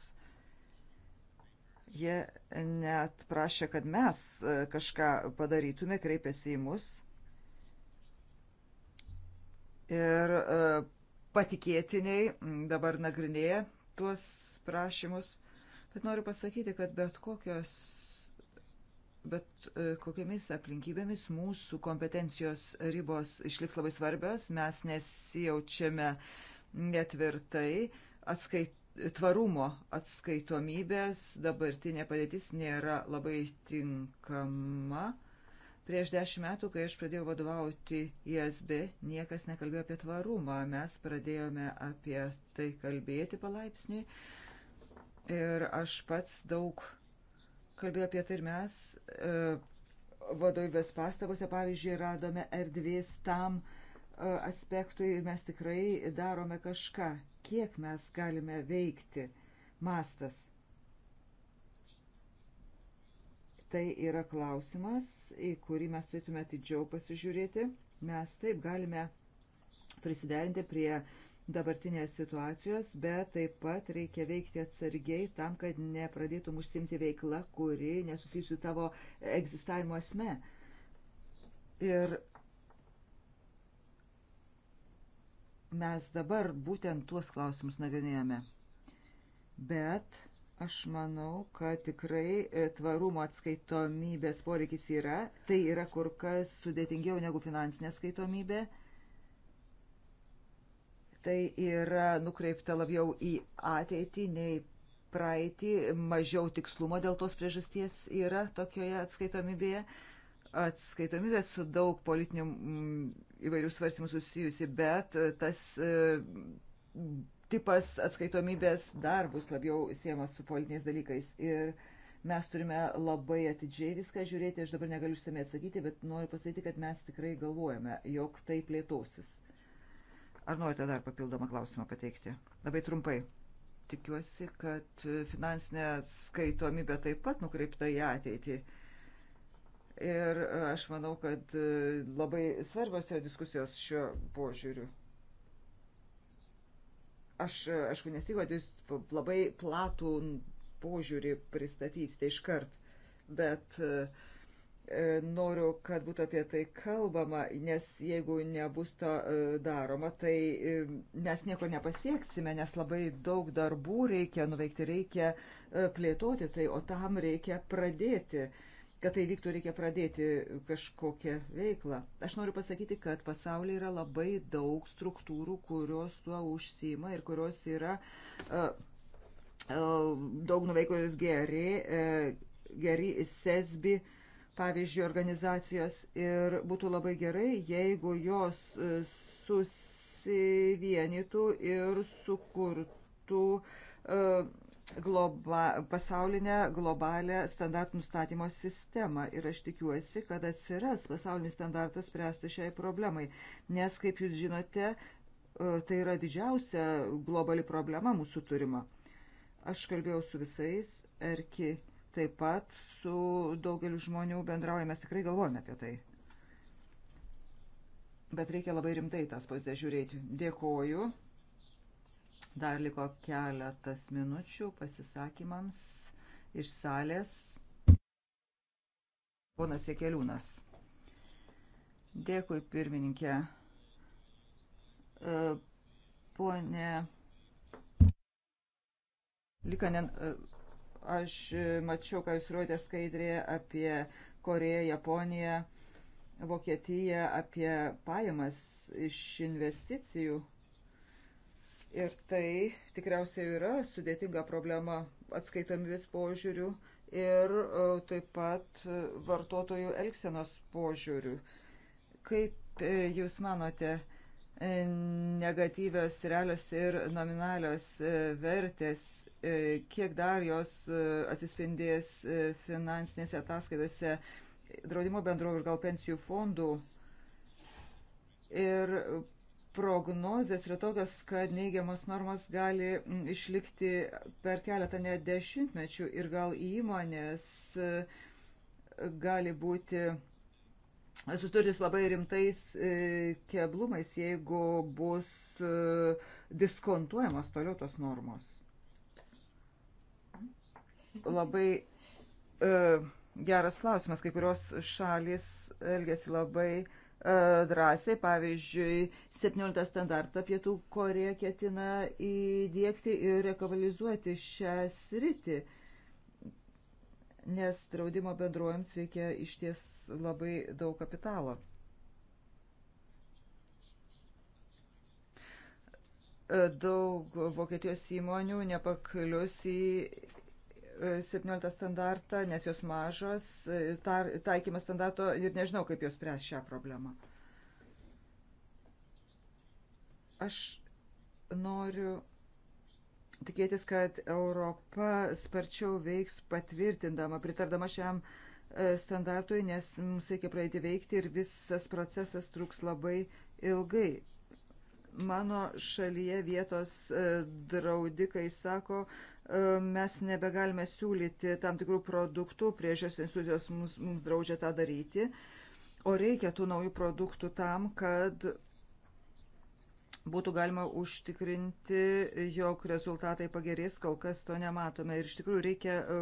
Jie net prašė, kad mes e, kažką padarytume, kreipėsi į mus. Ir e, patikėtiniai dabar nagrinėja tuos prašymus. Bet noriu pasakyti, kad bet kokios bet e, kokiamis aplinkybėmis mūsų kompetencijos ribos išliks labai svarbios, mes nesijaučiame netvirtai, atskait, tvarumo atskaitomybės dabartinė padėtis nėra labai tinkama. Prieš dešimt metų, kai aš pradėjau vadovauti ISB, niekas nekalbėjo apie tvarumą. Mes pradėjome apie tai kalbėti palaipsniui. Ir aš pats daug kalbėjau apie tai ir mes e, vadovybės pastabose, pavyzdžiui, radome erdvės tam e, aspektui ir mes tikrai darome kažką kiek mes galime veikti, mastas. Tai yra klausimas, į kurį mes turėtume atidžiau pasižiūrėti. Mes taip galime prisiderinti prie dabartinės situacijos, bet taip pat reikia veikti atsargiai tam, kad nepradėtum užsimti veiklą, kuri nesusijusiu tavo egzistavimo esme. Ir mes dabar būtent tuos klausimus nagrinėjame. Bet aš manau, kad tikrai e, tvarumo atskaitomybės poreikis yra. Tai yra kur kas sudėtingiau negu finansinė atskaitomybė. Tai yra nukreipta labiau į ateitį nei praeitį, mažiau tikslumo dėl tos priežasties yra tokioje atskaitomybėje. Atskaitomybė su daug politinių įvairių svarstymų susijusi, bet e, tas e, tipas atskaitomybės dar bus labiau siemas su politiniais dalykais. Ir mes turime labai atidžiai viską žiūrėti, aš dabar negaliu išsamei atsakyti, bet noriu pasakyti, kad mes tikrai galvojame, jog tai plėtosis. Ar norite dar papildomą klausimą pateikti? Labai trumpai. Tikiuosi, kad finansinė atskaitomybė taip pat nukreipta į ateitį. Ir e, aš manau, kad e, labai svarbios yra diskusijos šiuo požiūriu. Aš, e, aišku, nesigo, kad jūs labai platų požiūrį pristatysite iškart, bet uh, noriu, kad būtų apie tai kalbama, nes jeigu nebus to daroma, tai mes nieko nepasieksime, nes labai daug darbų reikia nuveikti, reikia plėtoti tai, o tam reikia pradėti kad tai vyktų, reikia pradėti kažkokią veiklą. Aš noriu pasakyti, kad pasaulyje yra labai daug struktūrų, kurios tuo užsima ir kurios yra uh, uh, daug nuveikojus geri, uh, geri sesbi, pavyzdžiui, organizacijos. Ir būtų labai gerai, jeigu jos uh, susivienytų ir sukurtų uh, globa, pasaulinę globalę standartų nustatymo sistemą ir aš tikiuosi, kad atsiras pasaulinis standartas spręsti šiai problemai, nes, kaip jūs žinote, e, tai yra didžiausia globali problema mūsų turima. Aš kalbėjau su visais, erki taip pat su daugeliu žmonių bendraujame, mes tikrai galvojame apie tai. Bet reikia labai rimtai tas pozicijas žiūrėti. Dėkoju. Dar liko keletas minučių pasisakymams iš salės. Ponas Ekeliūnas. Dėkui, pirmininkė. E, Pone Likanen, e, aš mačiau, ką jūs rodėte skaidrėje apie Koreją, Japoniją, Vokietiją, apie pajamas iš investicijų. Ir tai tikriausiai yra sudėtinga problema atskaitomybės požiūrių ir e, taip pat e, vartotojų elgsenos požiūrių. Kaip e, Jūs manote, negatyvios realios ir nominalios vertės, kiek dar jos atsispindės finansinėse ataskaitose draudimo bendrovų ir gal pensijų fondų ir prognozės yra tokios, kad neigiamos normos gali mm, išlikti per keletą net dešimtmečių ir gal įmonės e, gali būti susidurti su labai rimtais e, keblumais, jeigu bus e, diskontuojamos toliau tos normos. Labai geras klausimas, kai kurios šalis elgesi labai uh, E, drąsiai. Pavyzdžiui, 17 standartą Pietų Koreja ketina įdėkti ir rekavalizuoti šią sritį, nes draudimo bendruojams reikia išties labai daug kapitalo. E, daug Vokietijos įmonių nepaklius į 17 standartą, nes jos mažos, tar, taikymas standarto ir nežinau, kaip jos spręs šią problemą. Aš noriu tikėtis, kad Europa sparčiau veiks patvirtindama, pritardama šiam e, standartui, nes mums reikia pradėti veikti ir visas procesas truks labai ilgai. Mano šalyje vietos e, draudikai sako, mes nebegalime siūlyti tam tikrų produktų, priežios institucijos mums, mums draudžia tą daryti, o reikia tų naujų produktų tam, kad būtų galima užtikrinti, jog rezultatai pagerės, kol kas to nematome. Ir iš tikrųjų reikia e,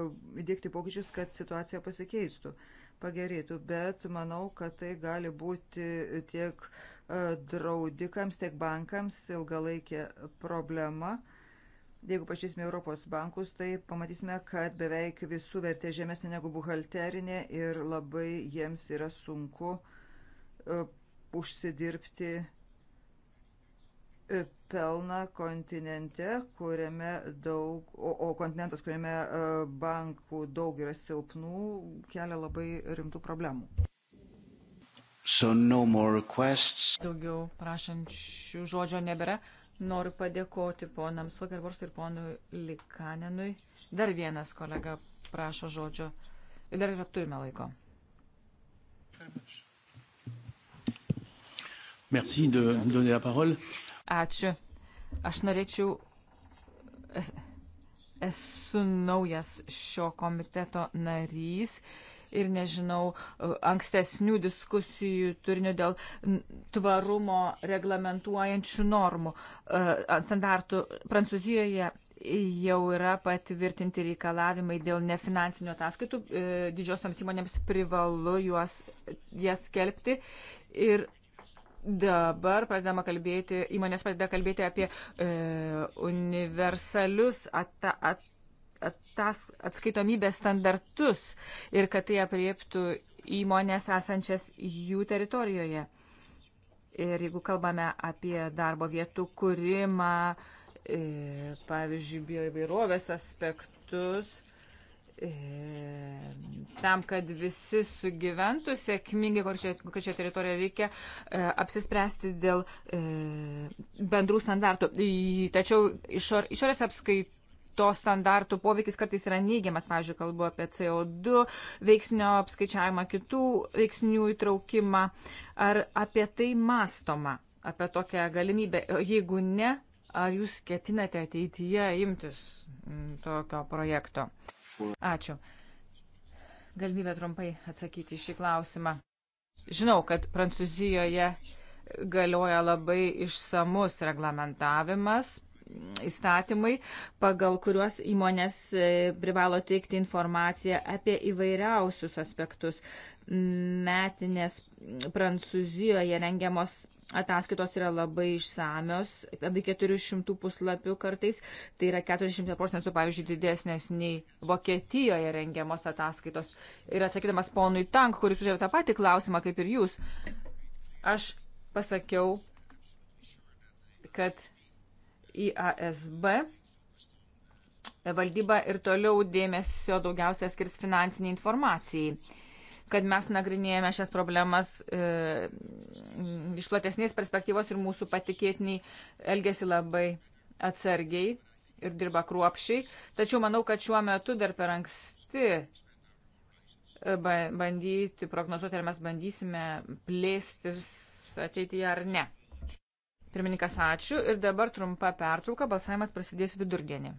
įdėkti pokyčius, kad situacija pasikeistų, pagerėtų. Bet manau, kad tai gali būti tiek e, draudikams, tiek bankams ilgalaikė problema. Uh, Jeigu pažiūrėsime Europos bankus, tai pamatysime, kad beveik visų vertė žemesnė negu buhalterinė ir labai jiems yra sunku e, užsidirbti e, pelną kontinente, kuriame daug, o, o kontinentas, kuriame e, bankų daug yra silpnų, kelia labai rimtų problemų. So no more requests. Daugiau prašančių žodžio nebėra. Noriu padėkoti ponams Sogervorstui ir ponui Likanenui. Dar vienas kolega prašo žodžio. Ir dar yra, turime laiko. Merci de donner la parole. Ačiū. Aš norėčiau. Esu naujas šio komiteto narys ir, nežinau, e, ankstesnių diskusijų turinio dėl tvarumo reglamentuojančių normų e, standartų. Prancūzijoje jau yra patvirtinti reikalavimai dėl nefinansinio ataskaitų. E, didžiosioms įmonėms privalu juos jas skelbti. Ir dabar pradedama kalbėti, įmonės pradeda kalbėti apie e, universalius ata, at, tas atskaitomybės standartus ir kad tai apriektų įmonės esančias jų teritorijoje. Ir jeigu kalbame apie darbo vietų kūrimą, e, pavyzdžiui, bioįvairovės aspektus, e, tam, kad visi sugyventų sėkmingai konkrečioje teritorijoje, reikia e, apsispręsti dėl bendrų standartų. Tačiau išorės apskaitų to standartų poveikis kartais yra neigiamas, pavyzdžiui, kalbu apie CO2 veiksnio apskaičiavimą, kitų veiksnių įtraukimą. Ar apie tai mastoma, apie tokią galimybę? Jeigu ne, ar jūs ketinate ateityje imtis mm, tokio projekto? Ačiū. Galimybė trumpai atsakyti šį klausimą. Žinau, kad Prancūzijoje galioja labai išsamus reglamentavimas, įstatymai, pagal kuriuos įmonės e, privalo teikti informaciją apie įvairiausius aspektus. Metinės Prancūzijoje rengiamos ataskaitos yra labai išsamios, apie 400 puslapių kartais, tai yra 40 procentų, pavyzdžiui, didesnės nei Vokietijoje rengiamos ataskaitos. Ir atsakydamas ponui Tank, kuris uždavė tą patį klausimą kaip ir jūs, aš pasakiau, kad IASB valdyba ir toliau dėmesio daugiausia skirs finansiniai informacijai kad mes nagrinėjame šias problemas e, iš platesnės perspektyvos ir mūsų patikėtiniai elgesi labai atsargiai ir dirba kruopšiai. Tačiau manau, kad šiuo metu dar per anksti e, bandyti prognozuoti, ar mes bandysime plėstis ateityje ar ne. Pirmininkas, ačiū. Ir dabar trumpa pertrauka. Balsavimas prasidės vidurdienį.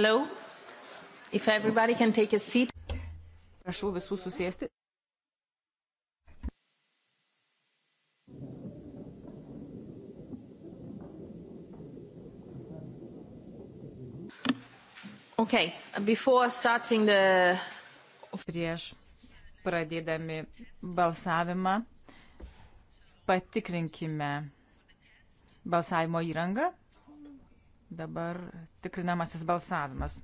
Hello. If everybody can take a seat. Prašau visų susėsti. Okay, before starting the... Prieš pradėdami balsavimą patikrinkime balsavimo įrangą. Dabar tikrinamasis balsavimas.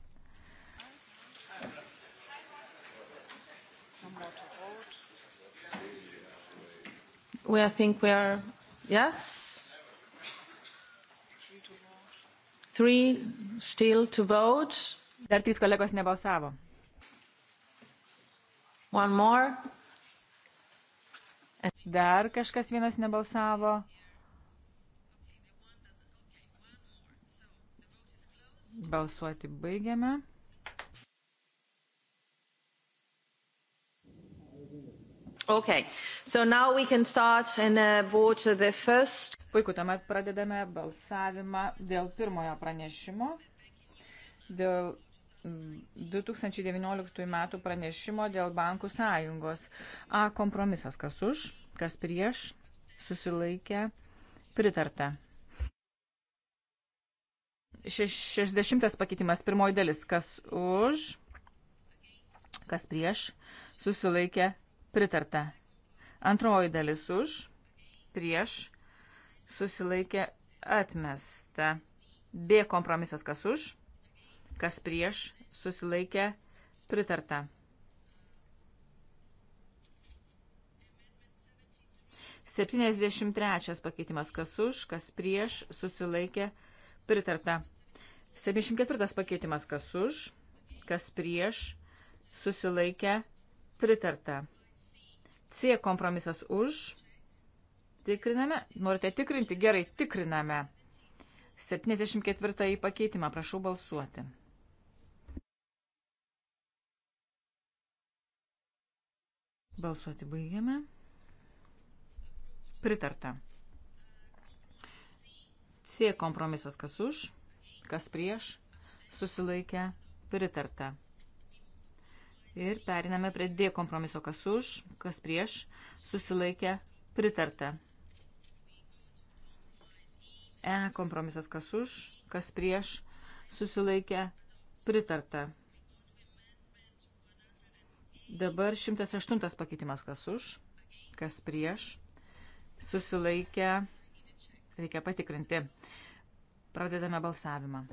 We, I think we are, yes? Three still to vote. Dar trys kolegos nebalsavo. One more. Dar kažkas vienas nebalsavo. Balsuoti baigiame. Okay. So now we can start and uh, vote the first. Puiku, tuomet pradedame balsavimą dėl pirmojo pranešimo, dėl 2019 mm, metų pranešimo dėl bankų sąjungos. A kompromisas, kas už, kas prieš, susilaikė, pritarta. 60 pakeitimas, pirmoji dalis, kas už, kas prieš, susilaikė pritarta. Antroji dalis už, prieš, susilaikė atmesta. B kompromisas, kas už, kas prieš, susilaikė pritarta. 73 pakeitimas, kas už, kas prieš, susilaikė pritarta. 74 pakeitimas kas už, kas prieš, susilaikę, pritarta. C kompromisas už. Tikriname. Norite tikrinti? Gerai, tikriname. 74 pakeitimą prašau balsuoti. Balsuoti baigiame. Pritarta. C kompromisas kas už kas prieš, susilaikę, pritarta. Ir periname prie D kompromiso, kas už, kas prieš, susilaikę, pritarta. E kompromisas, kas už, kas prieš, susilaikę, pritarta. Dabar 108 pakeitimas, kas už, kas prieš, susilaikę, reikia patikrinti. Pradedame balsavimą.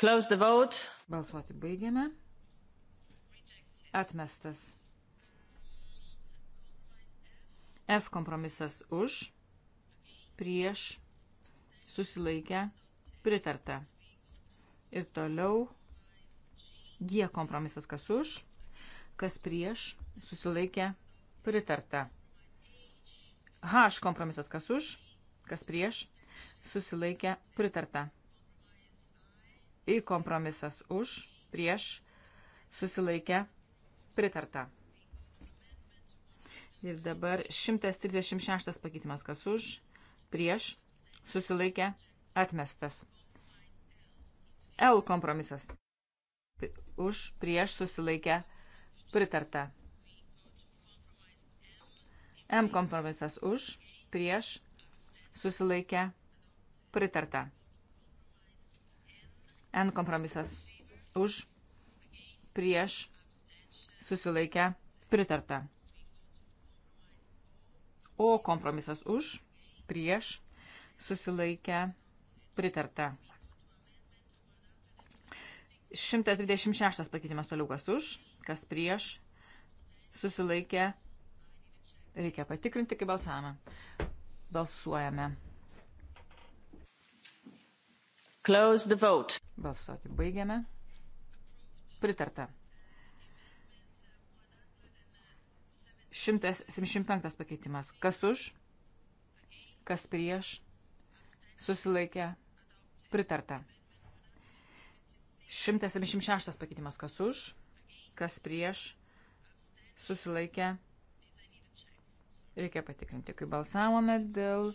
Close the vote. Balsuoti baigiame. Atmestas. F kompromisas už, prieš, susilaikę, pritarta. Ir toliau G kompromisas kas už, kas prieš, susilaikę, pritarta. H kompromisas kas už, kas prieš, susilaikė pritarta. I kompromisas už, prieš, susilaikė pritarta. Ir dabar 136 pakeitimas kas už, prieš, susilaikė atmestas. L kompromisas už, prieš, susilaikė pritarta. M kompromisas už, prieš, susilaikę, pritarta. N kompromisas už, prieš, susilaikę, pritarta. O kompromisas už, prieš, susilaikę, pritarta. 126 pakeitimas toliau kas už, kas prieš, susilaikę, Reikia patikrinti, kaip balsavome. Balsuojame. Close the vote. Balsuoti baigiame. Pritarta. 175 pakeitimas. Kas už? Kas prieš? Susilaikė. Pritarta. 176 pakeitimas. Kas už? Kas prieš? Susilaikė. Pritarta Reikia patikrinti. Kai balsavome dėl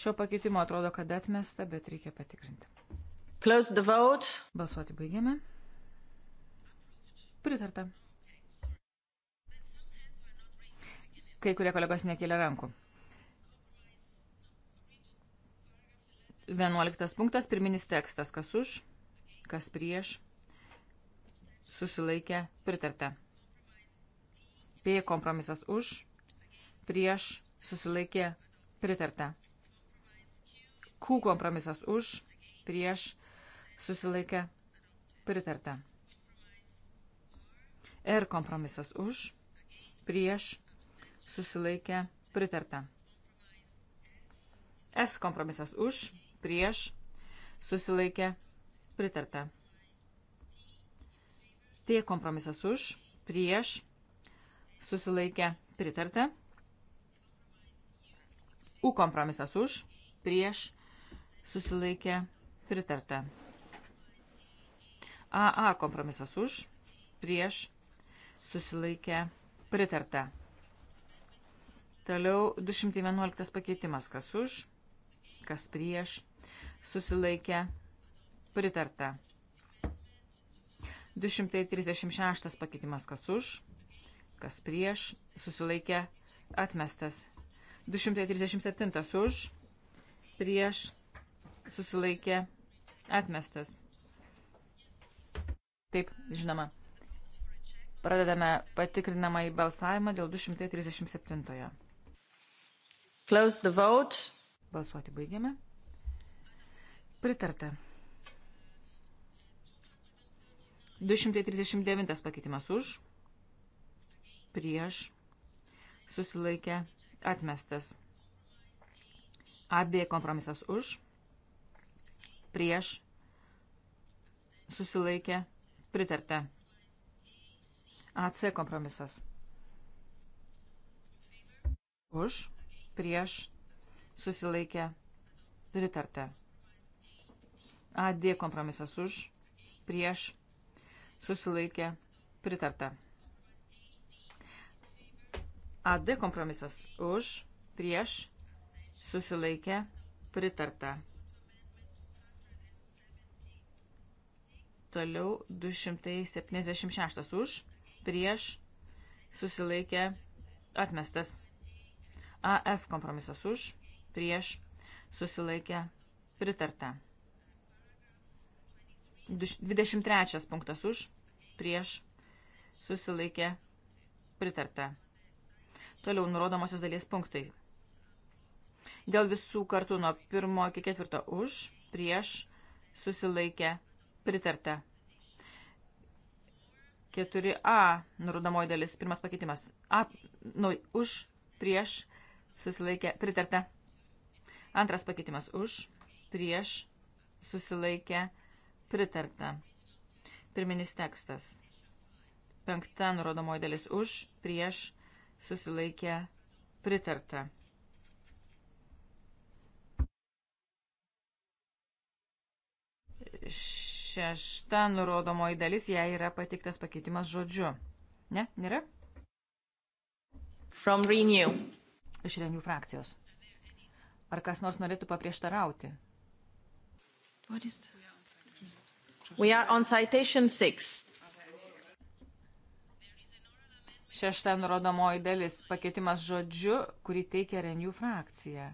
šio pakeitimo, atrodo, kad atmesta, bet reikia patikrinti. Close the vote. Balsuoti baigėme. Pritarta. Kai kurie kolegos nekėlė rankų. 11 punktas, pirminis tekstas. Kas už, kas prieš, susilaikė, pritarta. P kompromisas už, prieš susilaikė pritarta. Q kompromisas už, prieš susilaikė pritarta. R kompromisas už, prieš susilaikė pritarta. S kompromisas už, prieš susilaikė pritarta. T kompromisas už, prieš susilaikė pritarta. U kompromisas už, prieš, susilaikė, pritarta. AA kompromisas už, prieš, susilaikė, pritarta. Toliau 211 pakeitimas, kas už, kas prieš, susilaikė, pritarta. 236 pakeitimas, kas už, kas prieš, susilaikė, atmestas. 237 už, prieš susilaikė atmestas. Taip, žinoma. Pradedame patikrinamą į balsavimą dėl 237. Close the vote. Balsuoti baigiame. Pritarta. 239 pakeitimas už, prieš, susilaikė, Atmestas. AB kompromisas už. Prieš. Susilaikė. Pritarta. AC kompromisas. Už. Prieš. Susilaikė. Pritarta. AD kompromisas už. Prieš. Susilaikė. Pritarta. AD kompromisas už, prieš, susilaikė, pritarta. Toliau 276 už, prieš, susilaikė, atmestas. AF kompromisas už, prieš, susilaikė, pritarta. 23 punktas už, prieš, susilaikė, pritarta. Toliau nurodomosios dalies punktai. Dėl visų kartų nuo pirmo iki ketvirto už, prieš, susilaikę, pritarta. 4a nurodomoji dalis, pirmas pakeitimas. A, nu, už, prieš, susilaikę, pritarta. Antras pakeitimas už, prieš, susilaikę, pritarta. Pirminis tekstas. Penkta nurodomoji dalis už, prieš, susilaikė pritarta. Šešta nurodomoji dalis, jei yra patiktas pakeitimas žodžiu. Ne, nėra? From Renew. Iš Renew frakcijos. Ar kas nors norėtų paprieštarauti? What is that? We are on citation 6. Šešta nurodomoji dalis - pakeitimas žodžiu, kurį teikia Renijų frakcija.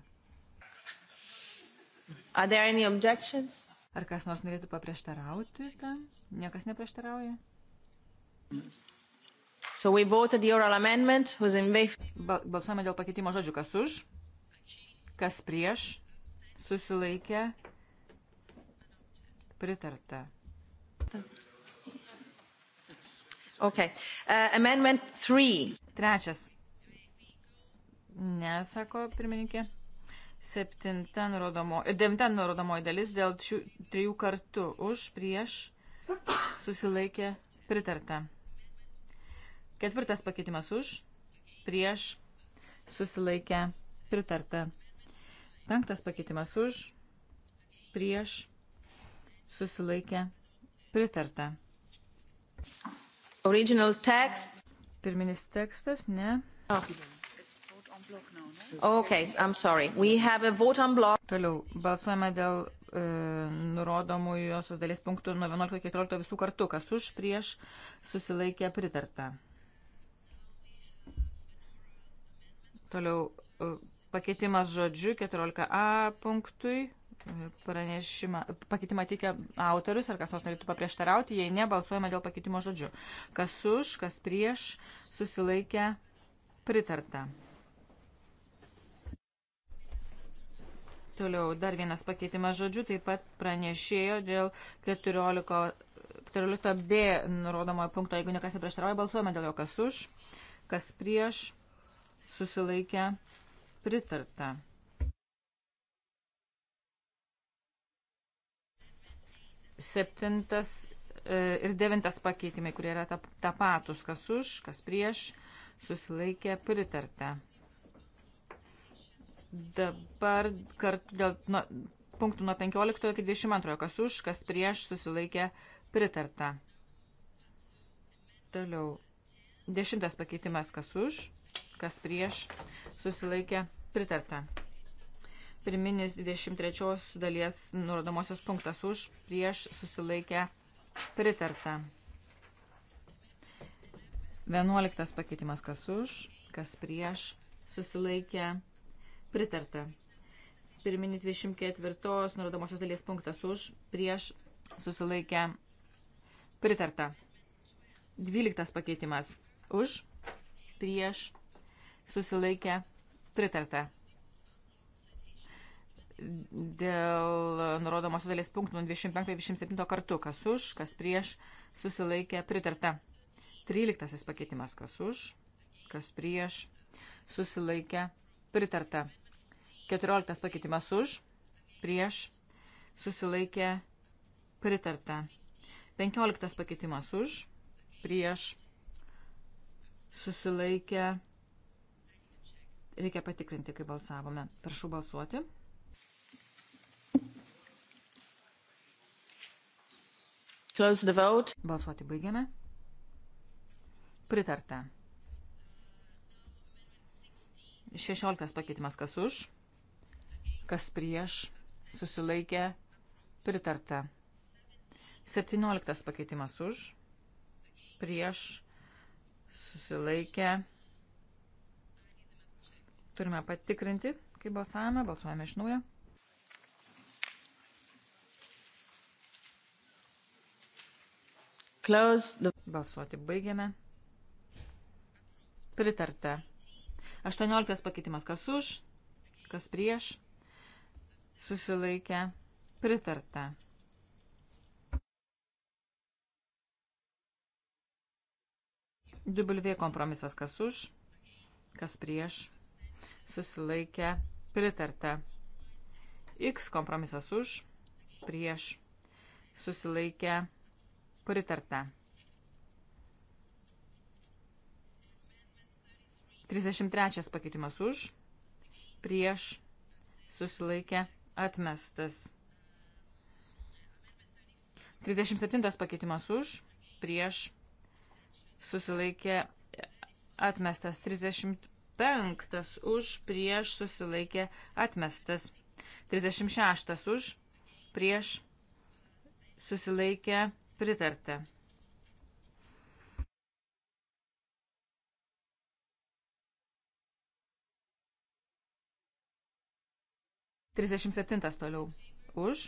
Ar kas nors norėtų paprieštarauti tam? Niekas neprieštarauja? So Balsuojame dėl pakeitimo žodžių. Kas už? Kas prieš? Susilaikė? Pritarta. Taip. Okay. Uh, amendment 3. Trečias. Nesako pirmininkė. Septinta nurodomo, e, devinta nurodomoji dalis dėl šių trijų kartų už, prieš, susilaikė, pritarta. Ketvirtas pakeitimas už, prieš, susilaikė, pritarta. Penktas pakeitimas už, prieš, susilaikė, pritarta. Original text. Pirminis tekstas, ne. Oh. Okay, I'm sorry. We have a vote on block. Toliau balsuojame dėl e, nurodomųjosios dalies punktų nuo 11 iki 14 visų kartų, kas už prieš susilaikė pritarta. Toliau e, pakeitimas žodžiu 14a punktui pranešimą, pakeitimą teikia autorius, ar kas nors norėtų paprieštarauti, jei ne, balsuojame dėl pakeitimo žodžių. Kas už, kas prieš, susilaikę, pritarta. Toliau dar vienas pakeitimas žodžių, taip pat pranešėjo dėl 14, 14b nurodomojo punkto, jeigu nekas neprieštarauja, balsuojame dėl jo kas už, kas prieš, susilaikę, pritarta. Septintas e, ir devintas pakeitimai, kurie yra tapatus, kas už, kas prieš, susilaikė pritarta. Dabar kartu dėl nuo, punktų nuo 15 iki 22, kas už, kas prieš, susilaikė pritarta. Toliau. Dešimtas pakeitimas, kas už, kas prieš, susilaikė pritarta pirminis 23 dalies nurodomosios punktas už, prieš susilaikę pritarta. 11 pakeitimas kas už, kas prieš susilaikę pritarta. Pirminis 24 nurodomosios dalies punktas už, prieš susilaikę pritarta. 12 pakeitimas už, prieš susilaikę pritarta dėl nurodomosios dalies punktų 25-27 kartu, kas už, kas prieš, susilaikė pritarta. 13 pakeitimas, kas už, kas prieš, susilaikė pritarta. 14 pakeitimas už, prieš, susilaikė pritarta. 15 pakeitimas už, prieš, susilaikė. Reikia patikrinti, kaip balsavome. Prašau balsuoti. Close the vote. Balsuoti baigiame. Pritarta. 16 pakeitimas kas už, kas prieš, susilaikė, pritarta. 17 pakeitimas už, prieš, susilaikė. Turime patikrinti, kaip balsavome, balsuojame iš naujo. Balsuoti baigiame. Pritarta. 18 pakeitimas. Kas už, kas prieš, susilaikė. Pritarta. W kompromisas. Kas už, kas prieš, susilaikė. Pritarta. X kompromisas už, prieš, susilaikė. Pritarta. 33 pakeitimas už, prieš, susilaikė, atmestas. 37 pakeitimas už, prieš, susilaikė, atmestas. 35 už, prieš, susilaikė, atmestas. 36 už, prieš, susilaikė, atmestas susilaikė pritarta. Trisdešimt septintas toliau. Už,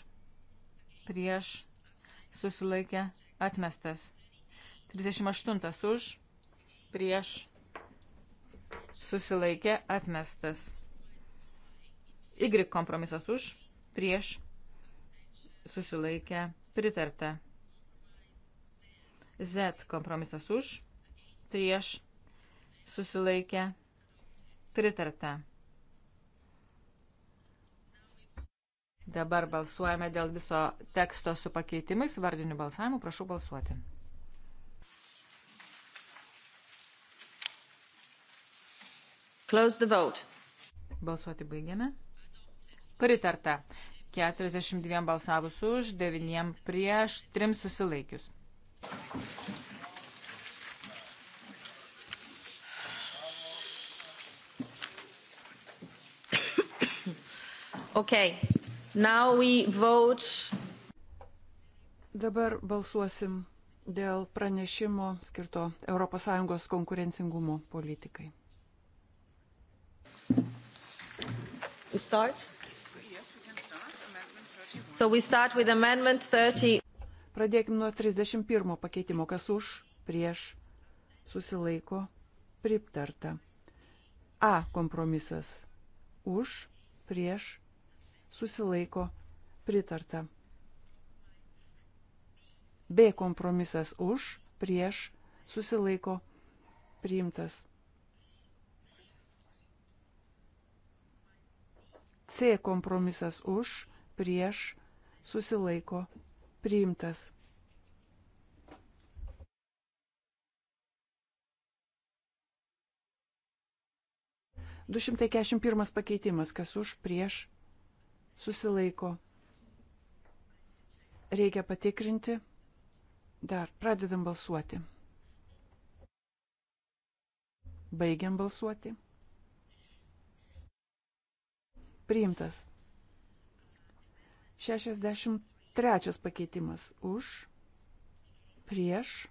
prieš, susilaikė, atmestas. Trisdešimt aštuntas už, prieš, susilaikė, atmestas. Y kompromisas už, prieš, susilaikė, pritarta. Z kompromisas už, prieš, susilaikė, pritarta. Dabar balsuojame dėl viso teksto su pakeitimais, vardiniu balsavimu, prašau balsuoti. Close the vote. Balsuoti baigiame. Pritarta. 42 balsavus už, 9 prieš, 3 susilaikius. Okay. Now we vote. Dabar balsuosim dėl pranešimo skirto ES konkurencingumo politikai. We start? So we start with amendment 30. Pradėkime nuo 31 pakeitimo, kas už, prieš, susilaiko, pritarta. A kompromisas už, prieš, susilaiko, pritarta. B kompromisas už, prieš, susilaiko, priimtas. C kompromisas už, prieš, susilaiko, priimtas priimtas. Du šimtai kešim pirmas pakeitimas, kas už, prieš, susilaiko. Reikia patikrinti. Dar pradedam balsuoti. Baigiam balsuoti. Priimtas. 62 Trečias pakeitimas už, prieš,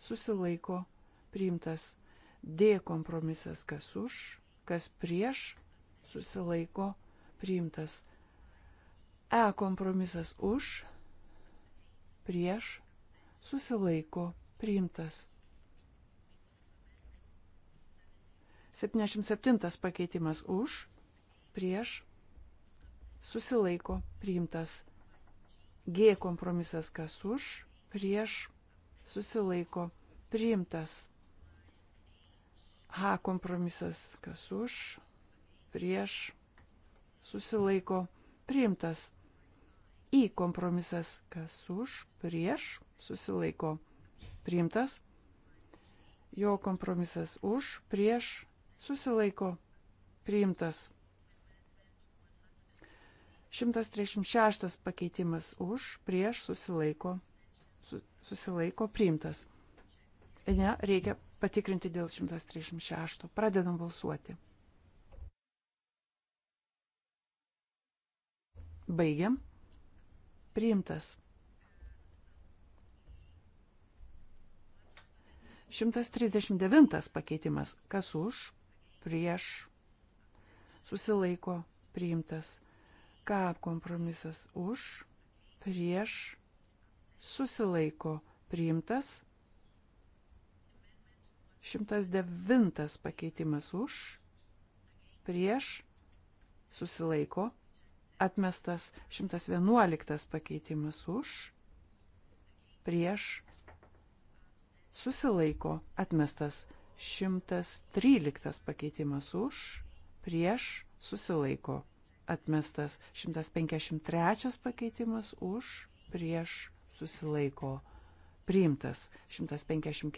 susilaiko priimtas. D kompromisas kas už, kas prieš, susilaiko priimtas. E kompromisas už, prieš, susilaiko priimtas. 77 pakeitimas už, prieš, susilaiko priimtas. G kompromisas kas už, prieš, susilaiko, priimtas. H kompromisas kas už, prieš, susilaiko, priimtas. I kompromisas kas už, prieš, susilaiko, priimtas. Jo kompromisas už, prieš, susilaiko, priimtas. 136 pakeitimas už, prieš, susilaiko, susilaiko priimtas. Ne, reikia patikrinti dėl 136. Pradedam balsuoti. Baigiam. Priimtas. 139 pakeitimas. Kas už, prieš, susilaiko, priimtas. K kompromisas už, prieš, susilaiko priimtas. 109 pakeitimas už, prieš, susilaiko, atmestas 111 pakeitimas už, prieš, susilaiko, atmestas 113 pakeitimas už, prieš, susilaiko atmestas 153 pakeitimas už, prieš susilaiko priimtas 154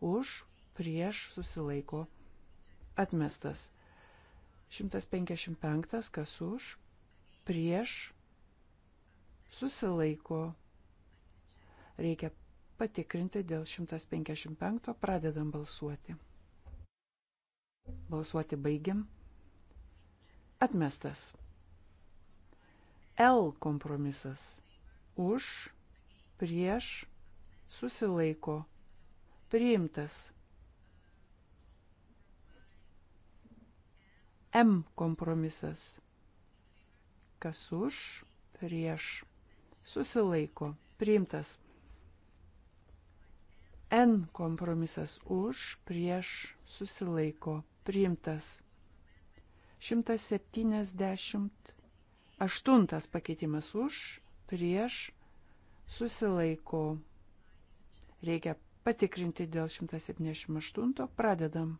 už, prieš susilaiko atmestas 155 kas už, prieš susilaiko. Reikia patikrinti dėl 155, pradedam balsuoti. Balsuoti baigiam. Atmestas. L kompromisas. Už, prieš, susilaiko. Priimtas. M kompromisas. Kas už, prieš, susilaiko. Priimtas. N kompromisas už, prieš, susilaiko. Priimtas. 178 pakeitimas už, prieš, susilaiko. Reikia patikrinti dėl 178. Pradedam.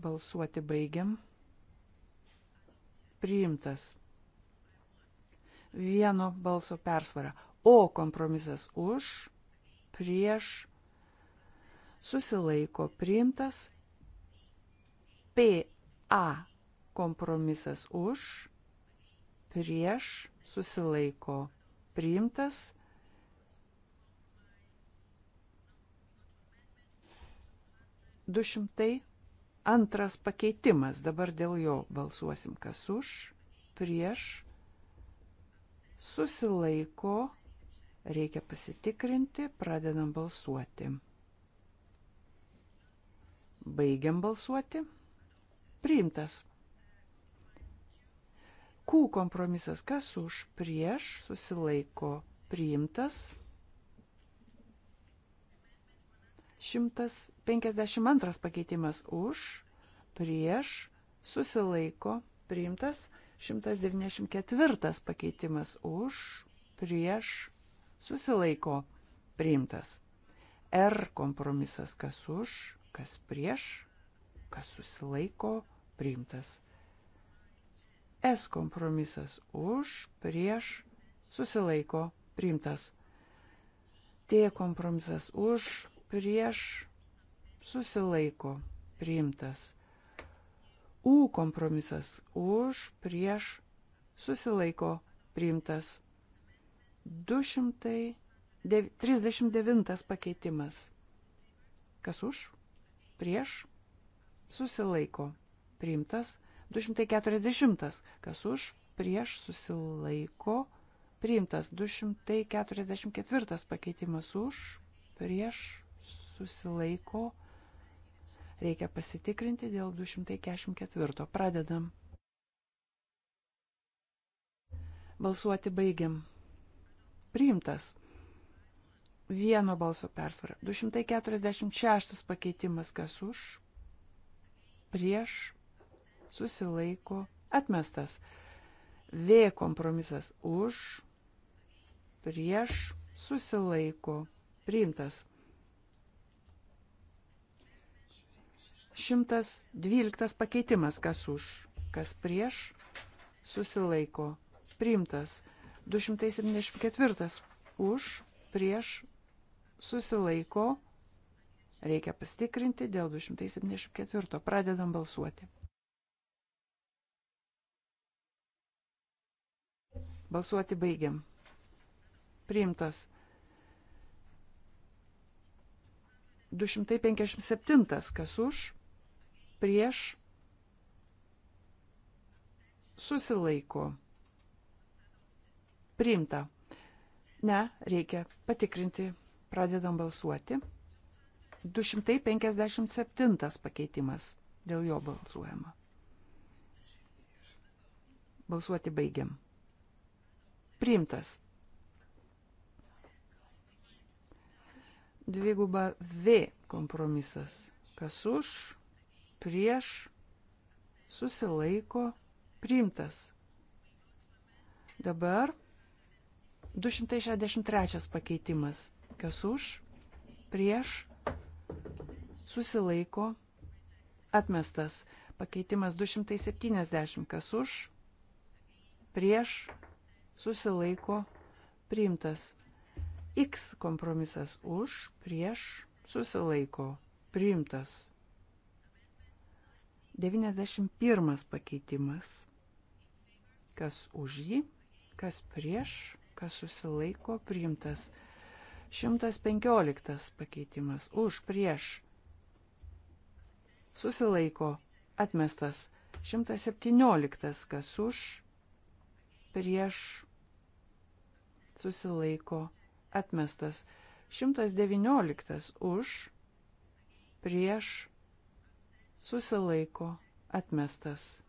Balsuoti baigiam. Priimtas. Vieno balso persvara. O kompromisas už, prieš, susilaiko priimtas. PA kompromisas už, prieš, susilaiko priimtas. Du šimtai antras pakeitimas, dabar dėl jo balsuosim, kas už, prieš, susilaiko, reikia pasitikrinti, pradedam balsuoti. Baigiam balsuoti. Priimtas. Q kompromisas kas už prieš susilaiko priimtas. 152 pakeitimas už prieš susilaiko priimtas. 194 pakeitimas už prieš susilaiko priimtas. R kompromisas kas už kas prieš, kas susilaiko, priimtas. S kompromisas už, prieš, susilaiko, priimtas. T kompromisas už, prieš, susilaiko, priimtas. U kompromisas už, prieš, susilaiko, priimtas. 239 pakeitimas. Kas už? prieš, susilaiko, priimtas. 240, kas už, prieš, susilaiko, priimtas. 244 pakeitimas už, prieš, susilaiko, priimtas. Reikia pasitikrinti dėl 244. Pradedam. Balsuoti baigiam. Priimtas vieno balso persvara. 246 pakeitimas kas už, prieš, susilaiko, atmestas. V kompromisas už, prieš, susilaiko, priimtas. 112 pakeitimas kas už, kas prieš, susilaiko, priimtas. 274 už, prieš, susilaiko, reikia pastikrinti dėl 274. Pradedam balsuoti. Balsuoti baigiam. Priimtas. 257. Kas už? Prieš? Susilaiko. Priimta. Ne, reikia patikrinti Pradedam balsuoti. 257 pakeitimas. Dėl jo balsuojama. Balsuoti baigiam. Priimtas. Dviguba V kompromisas. Kas už, prieš, susilaiko, priimtas. Dabar 263 pakeitimas. Kas už, prieš, susilaiko, atmestas. Pakeitimas 270. Kas už, prieš, susilaiko, priimtas. X kompromisas už, prieš, susilaiko, priimtas. 91 pakeitimas. Kas už jį, kas prieš, kas susilaiko, priimtas. 115 pakeitimas už prieš. Susilaiko atmestas 117 kas už prieš. Susilaiko atmestas 119 už prieš. Susilaiko atmestas.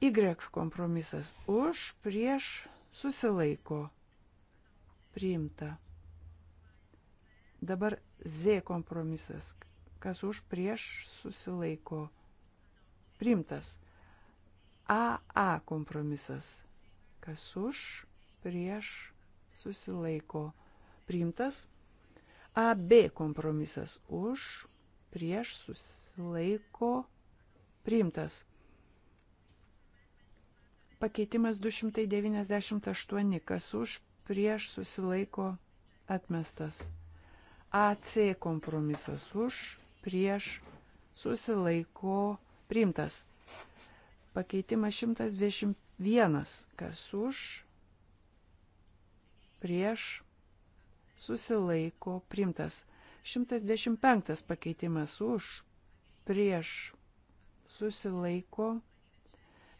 Y kompromisas už prieš susilaiko priimta. Dabar Z kompromisas. Kas už prieš susilaiko priimtas. AA kompromisas. Kas už prieš susilaiko priimtas. AB kompromisas už prieš susilaiko priimtas. Pakeitimas 298, kas už prieš susilaiko atmestas. AC kompromisas už, prieš susilaiko priimtas. Pakeitimas 121, kas už, prieš susilaiko priimtas. 125 pakeitimas už, prieš susilaiko.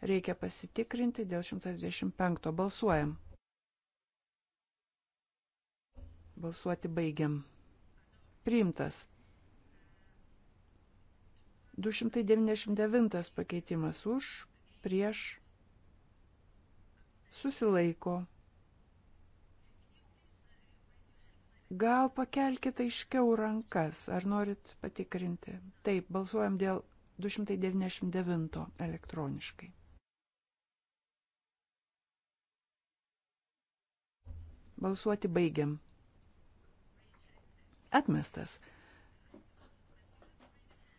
Reikia pasitikrinti dėl 125. Balsuojam. Balsuoti baigiam. Priimtas. 299 pakeitimas už, prieš, susilaiko. Gal pakelkite aiškiau rankas, ar norit patikrinti. Taip, balsuojam dėl 299 elektroniškai. Balsuoti baigiam. Atmestas.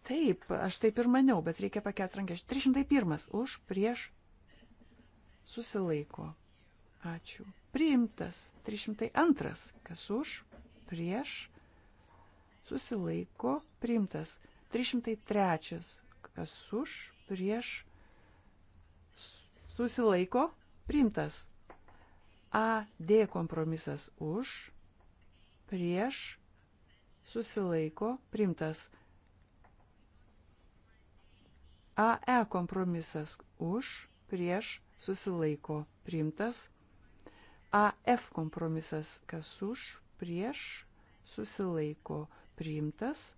Taip, aš taip ir maniau, bet reikia pakelt rankės. 301 už, prieš, susilaiko. Ačiū. Priimtas. 302, kas už, prieš, susilaiko. Priimtas. 303, kas už, prieš, susilaiko. Priimtas. AD kompromisas už, prieš, susilaiko, primtas. AE kompromisas už, prieš, susilaiko, primtas. AF kompromisas kas už, prieš, susilaiko, primtas.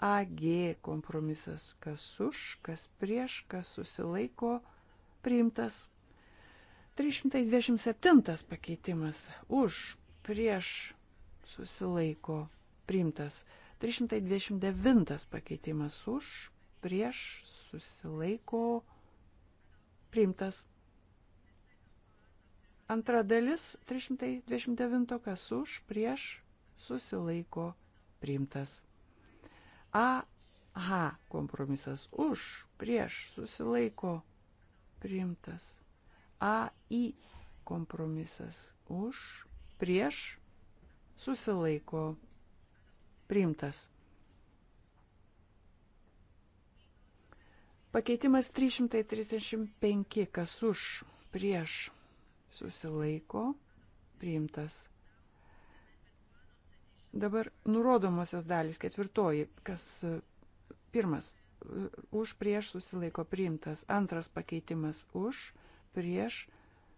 AG kompromisas kas už, kas prieš, kas susilaiko, priimtas. 327 pakeitimas už, prieš, susilaiko, priimtas. 329 pakeitimas už, prieš, susilaiko, priimtas. Antra dalis 329 kas už, prieš, susilaiko, priimtas. A, H kompromisas už, prieš, susilaiko, priimtas. A, I kompromisas už, prieš, susilaiko, priimtas priimtas. Pakeitimas 335, kas už, prieš, susilaiko, priimtas. Dabar nurodomosios dalys, ketvirtoji, kas pirmas, už prieš susilaiko priimtas, antras pakeitimas už, prieš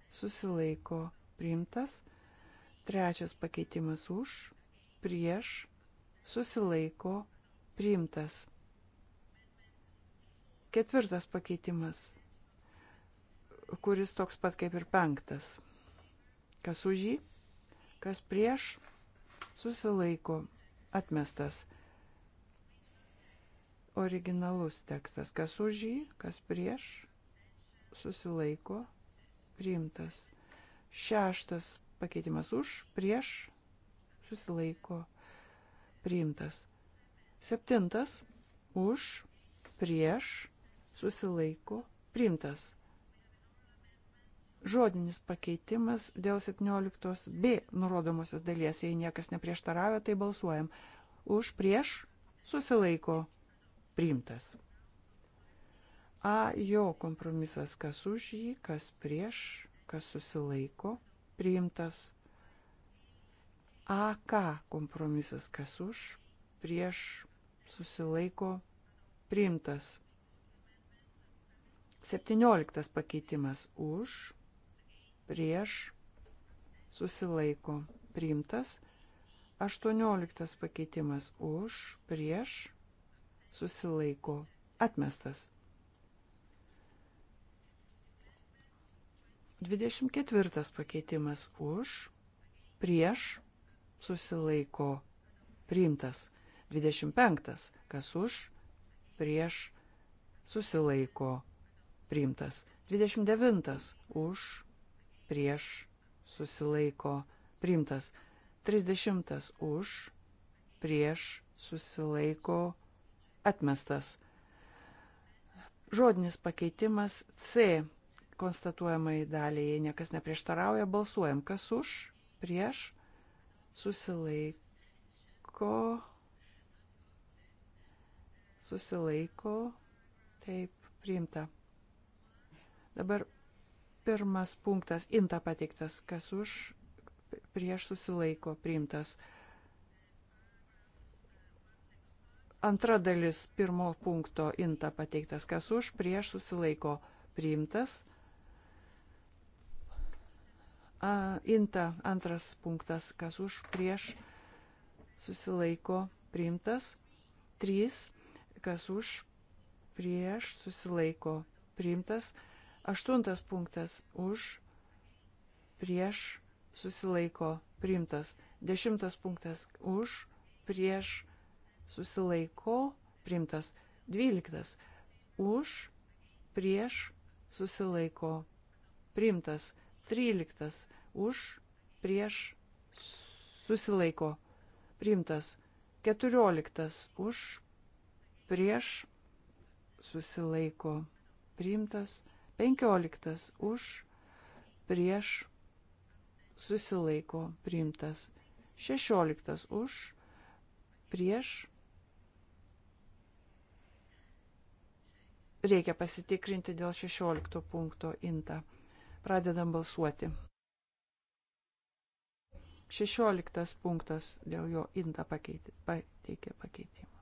susilaiko priimtas, trečias pakeitimas už, prieš susilaiko, priimtas. Ketvirtas pakeitimas, kuris toks pat kaip ir penktas. Kas už jį, kas prieš, susilaiko, atmestas. Originalus tekstas, kas už jį, kas prieš, susilaiko, priimtas. Šeštas pakeitimas už, prieš, susilaiko, priimtas. Septintas už, prieš, susilaiko, priimtas. Žodinis pakeitimas dėl 17 B nurodomosios dalies, jei niekas neprieštaravė, tai balsuojam. Už, prieš, susilaiko, priimtas. A jo kompromisas, kas už jį, kas prieš, kas susilaiko, priimtas. AK kompromisas, kas už, prieš, susilaiko, priimtas. 17 pakeitimas už, prieš, susilaiko, priimtas. 18 pakeitimas už, prieš, susilaiko, atmestas. 24 pakeitimas už, prieš, susilaiko priimtas. 25. Kas už, prieš, susilaiko priimtas. 29. Už, prieš, susilaiko priimtas. 30. Už, prieš, susilaiko atmestas. Žodinis pakeitimas C konstatuojamai daliai, jei niekas neprieštarauja, balsuojam, kas už, prieš, susilaiko, susilaiko, taip, priimta. Dabar pirmas punktas, inta pateiktas, kas už, prieš susilaiko, priimtas. Antra dalis pirmo punkto inta pateiktas, kas už, prieš susilaiko, priimtas. Inta antras punktas, kas už prieš susilaiko priimtas. 3, kas už prieš susilaiko priimtas. Aštuntas punktas už prieš susilaiko priimtas. Dešimtas punktas už prieš susilaiko priimtas. Dvyliktas už prieš susilaiko priimtas. Tryliktas už, prieš, susilaiko, priimtas. 14 už, prieš, susilaiko, priimtas. 15 už, prieš, susilaiko, priimtas. 16 už, prieš. Reikia pasitikrinti dėl 16 punkto intą. Pradedam balsuoti. 16 punktas dėl jo inta pakeitė, pateikė pakeitimą.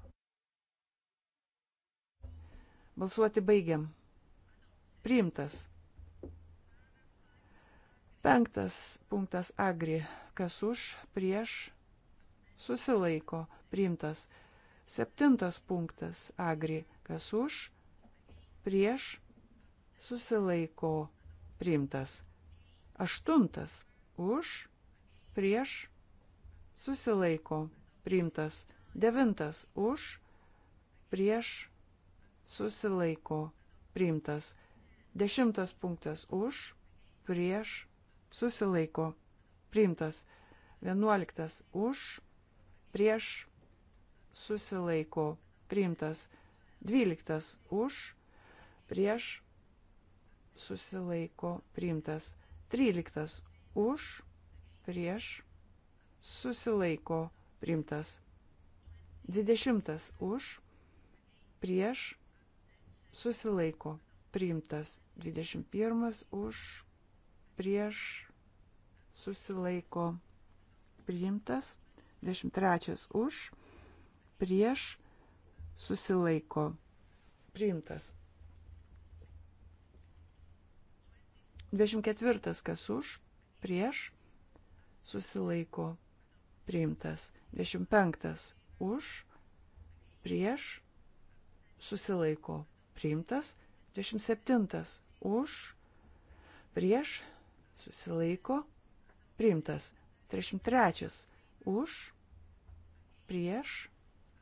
Balsuoti baigiam. Priimtas. Penktas punktas agri. Kas už, prieš, susilaiko. Priimtas. Septintas punktas agri. Kas už, prieš, susilaiko. Priimtas. Aštuntas. Už, prieš, susilaiko, priimtas. Devintas už, prieš, susilaiko, priimtas. Dešimtas punktas už, prieš, susilaiko, priimtas. Vienuoliktas už, prieš, susilaiko, priimtas. Dvyliktas už, prieš, susilaiko, priimtas. Tryliktas už, prieš, susilaiko priimtas. 20 už, prieš, susilaiko priimtas. 21 už, prieš, susilaiko priimtas. 23 už, prieš, susilaiko priimtas. 24 kas už, prieš, susilaiko priimtas. 25 už, prieš, susilaiko priimtas. 27 už, prieš, susilaiko priimtas. 33 už, prieš,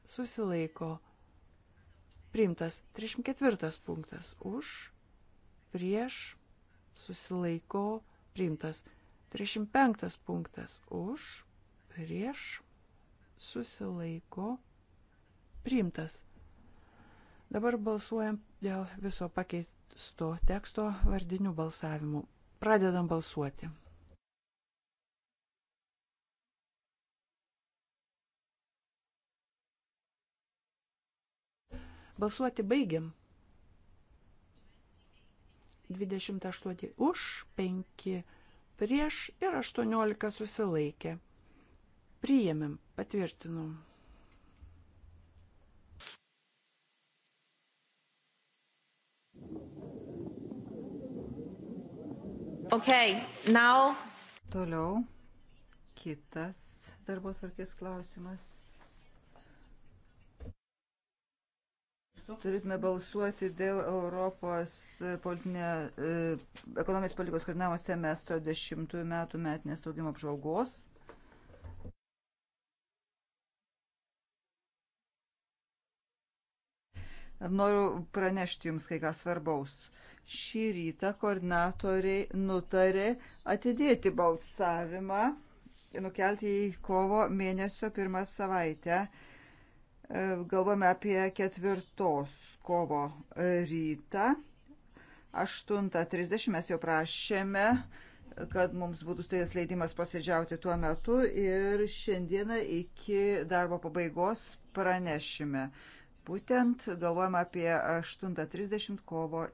susilaiko priimtas. 34 punktas už, prieš, susilaiko priimtas. 35 punktas už, prieš, susilaiko, priimtas. Dabar balsuojam dėl viso pakeisto teksto vardinių balsavimų. Pradedam balsuoti. Balsuoti baigiam. 28 už, 5 prieš ir 18 susilaikė. Priėmėm, patvirtinom. Okay, now. Toliau kitas darbo tvarkės klausimas. Turėtume balsuoti dėl Europos politinė, e, ekonomijos politikos koordinavimo semestro 10 metų metinės augimo apžvalgos. Noriu pranešti Jums kai ką svarbaus. Šį rytą koordinatoriai nutarė atidėti balsavimą, nukelti į kovo mėnesio pirmą savaitę E, galvojame apie ketvirtos kovo rytą. 8.30 mes jau prašėme, kad mums būtų stojęs leidimas posėdžiauti tuo metu ir šiandieną iki darbo pabaigos pranešime. Būtent galvojame apie 8.30 kovo.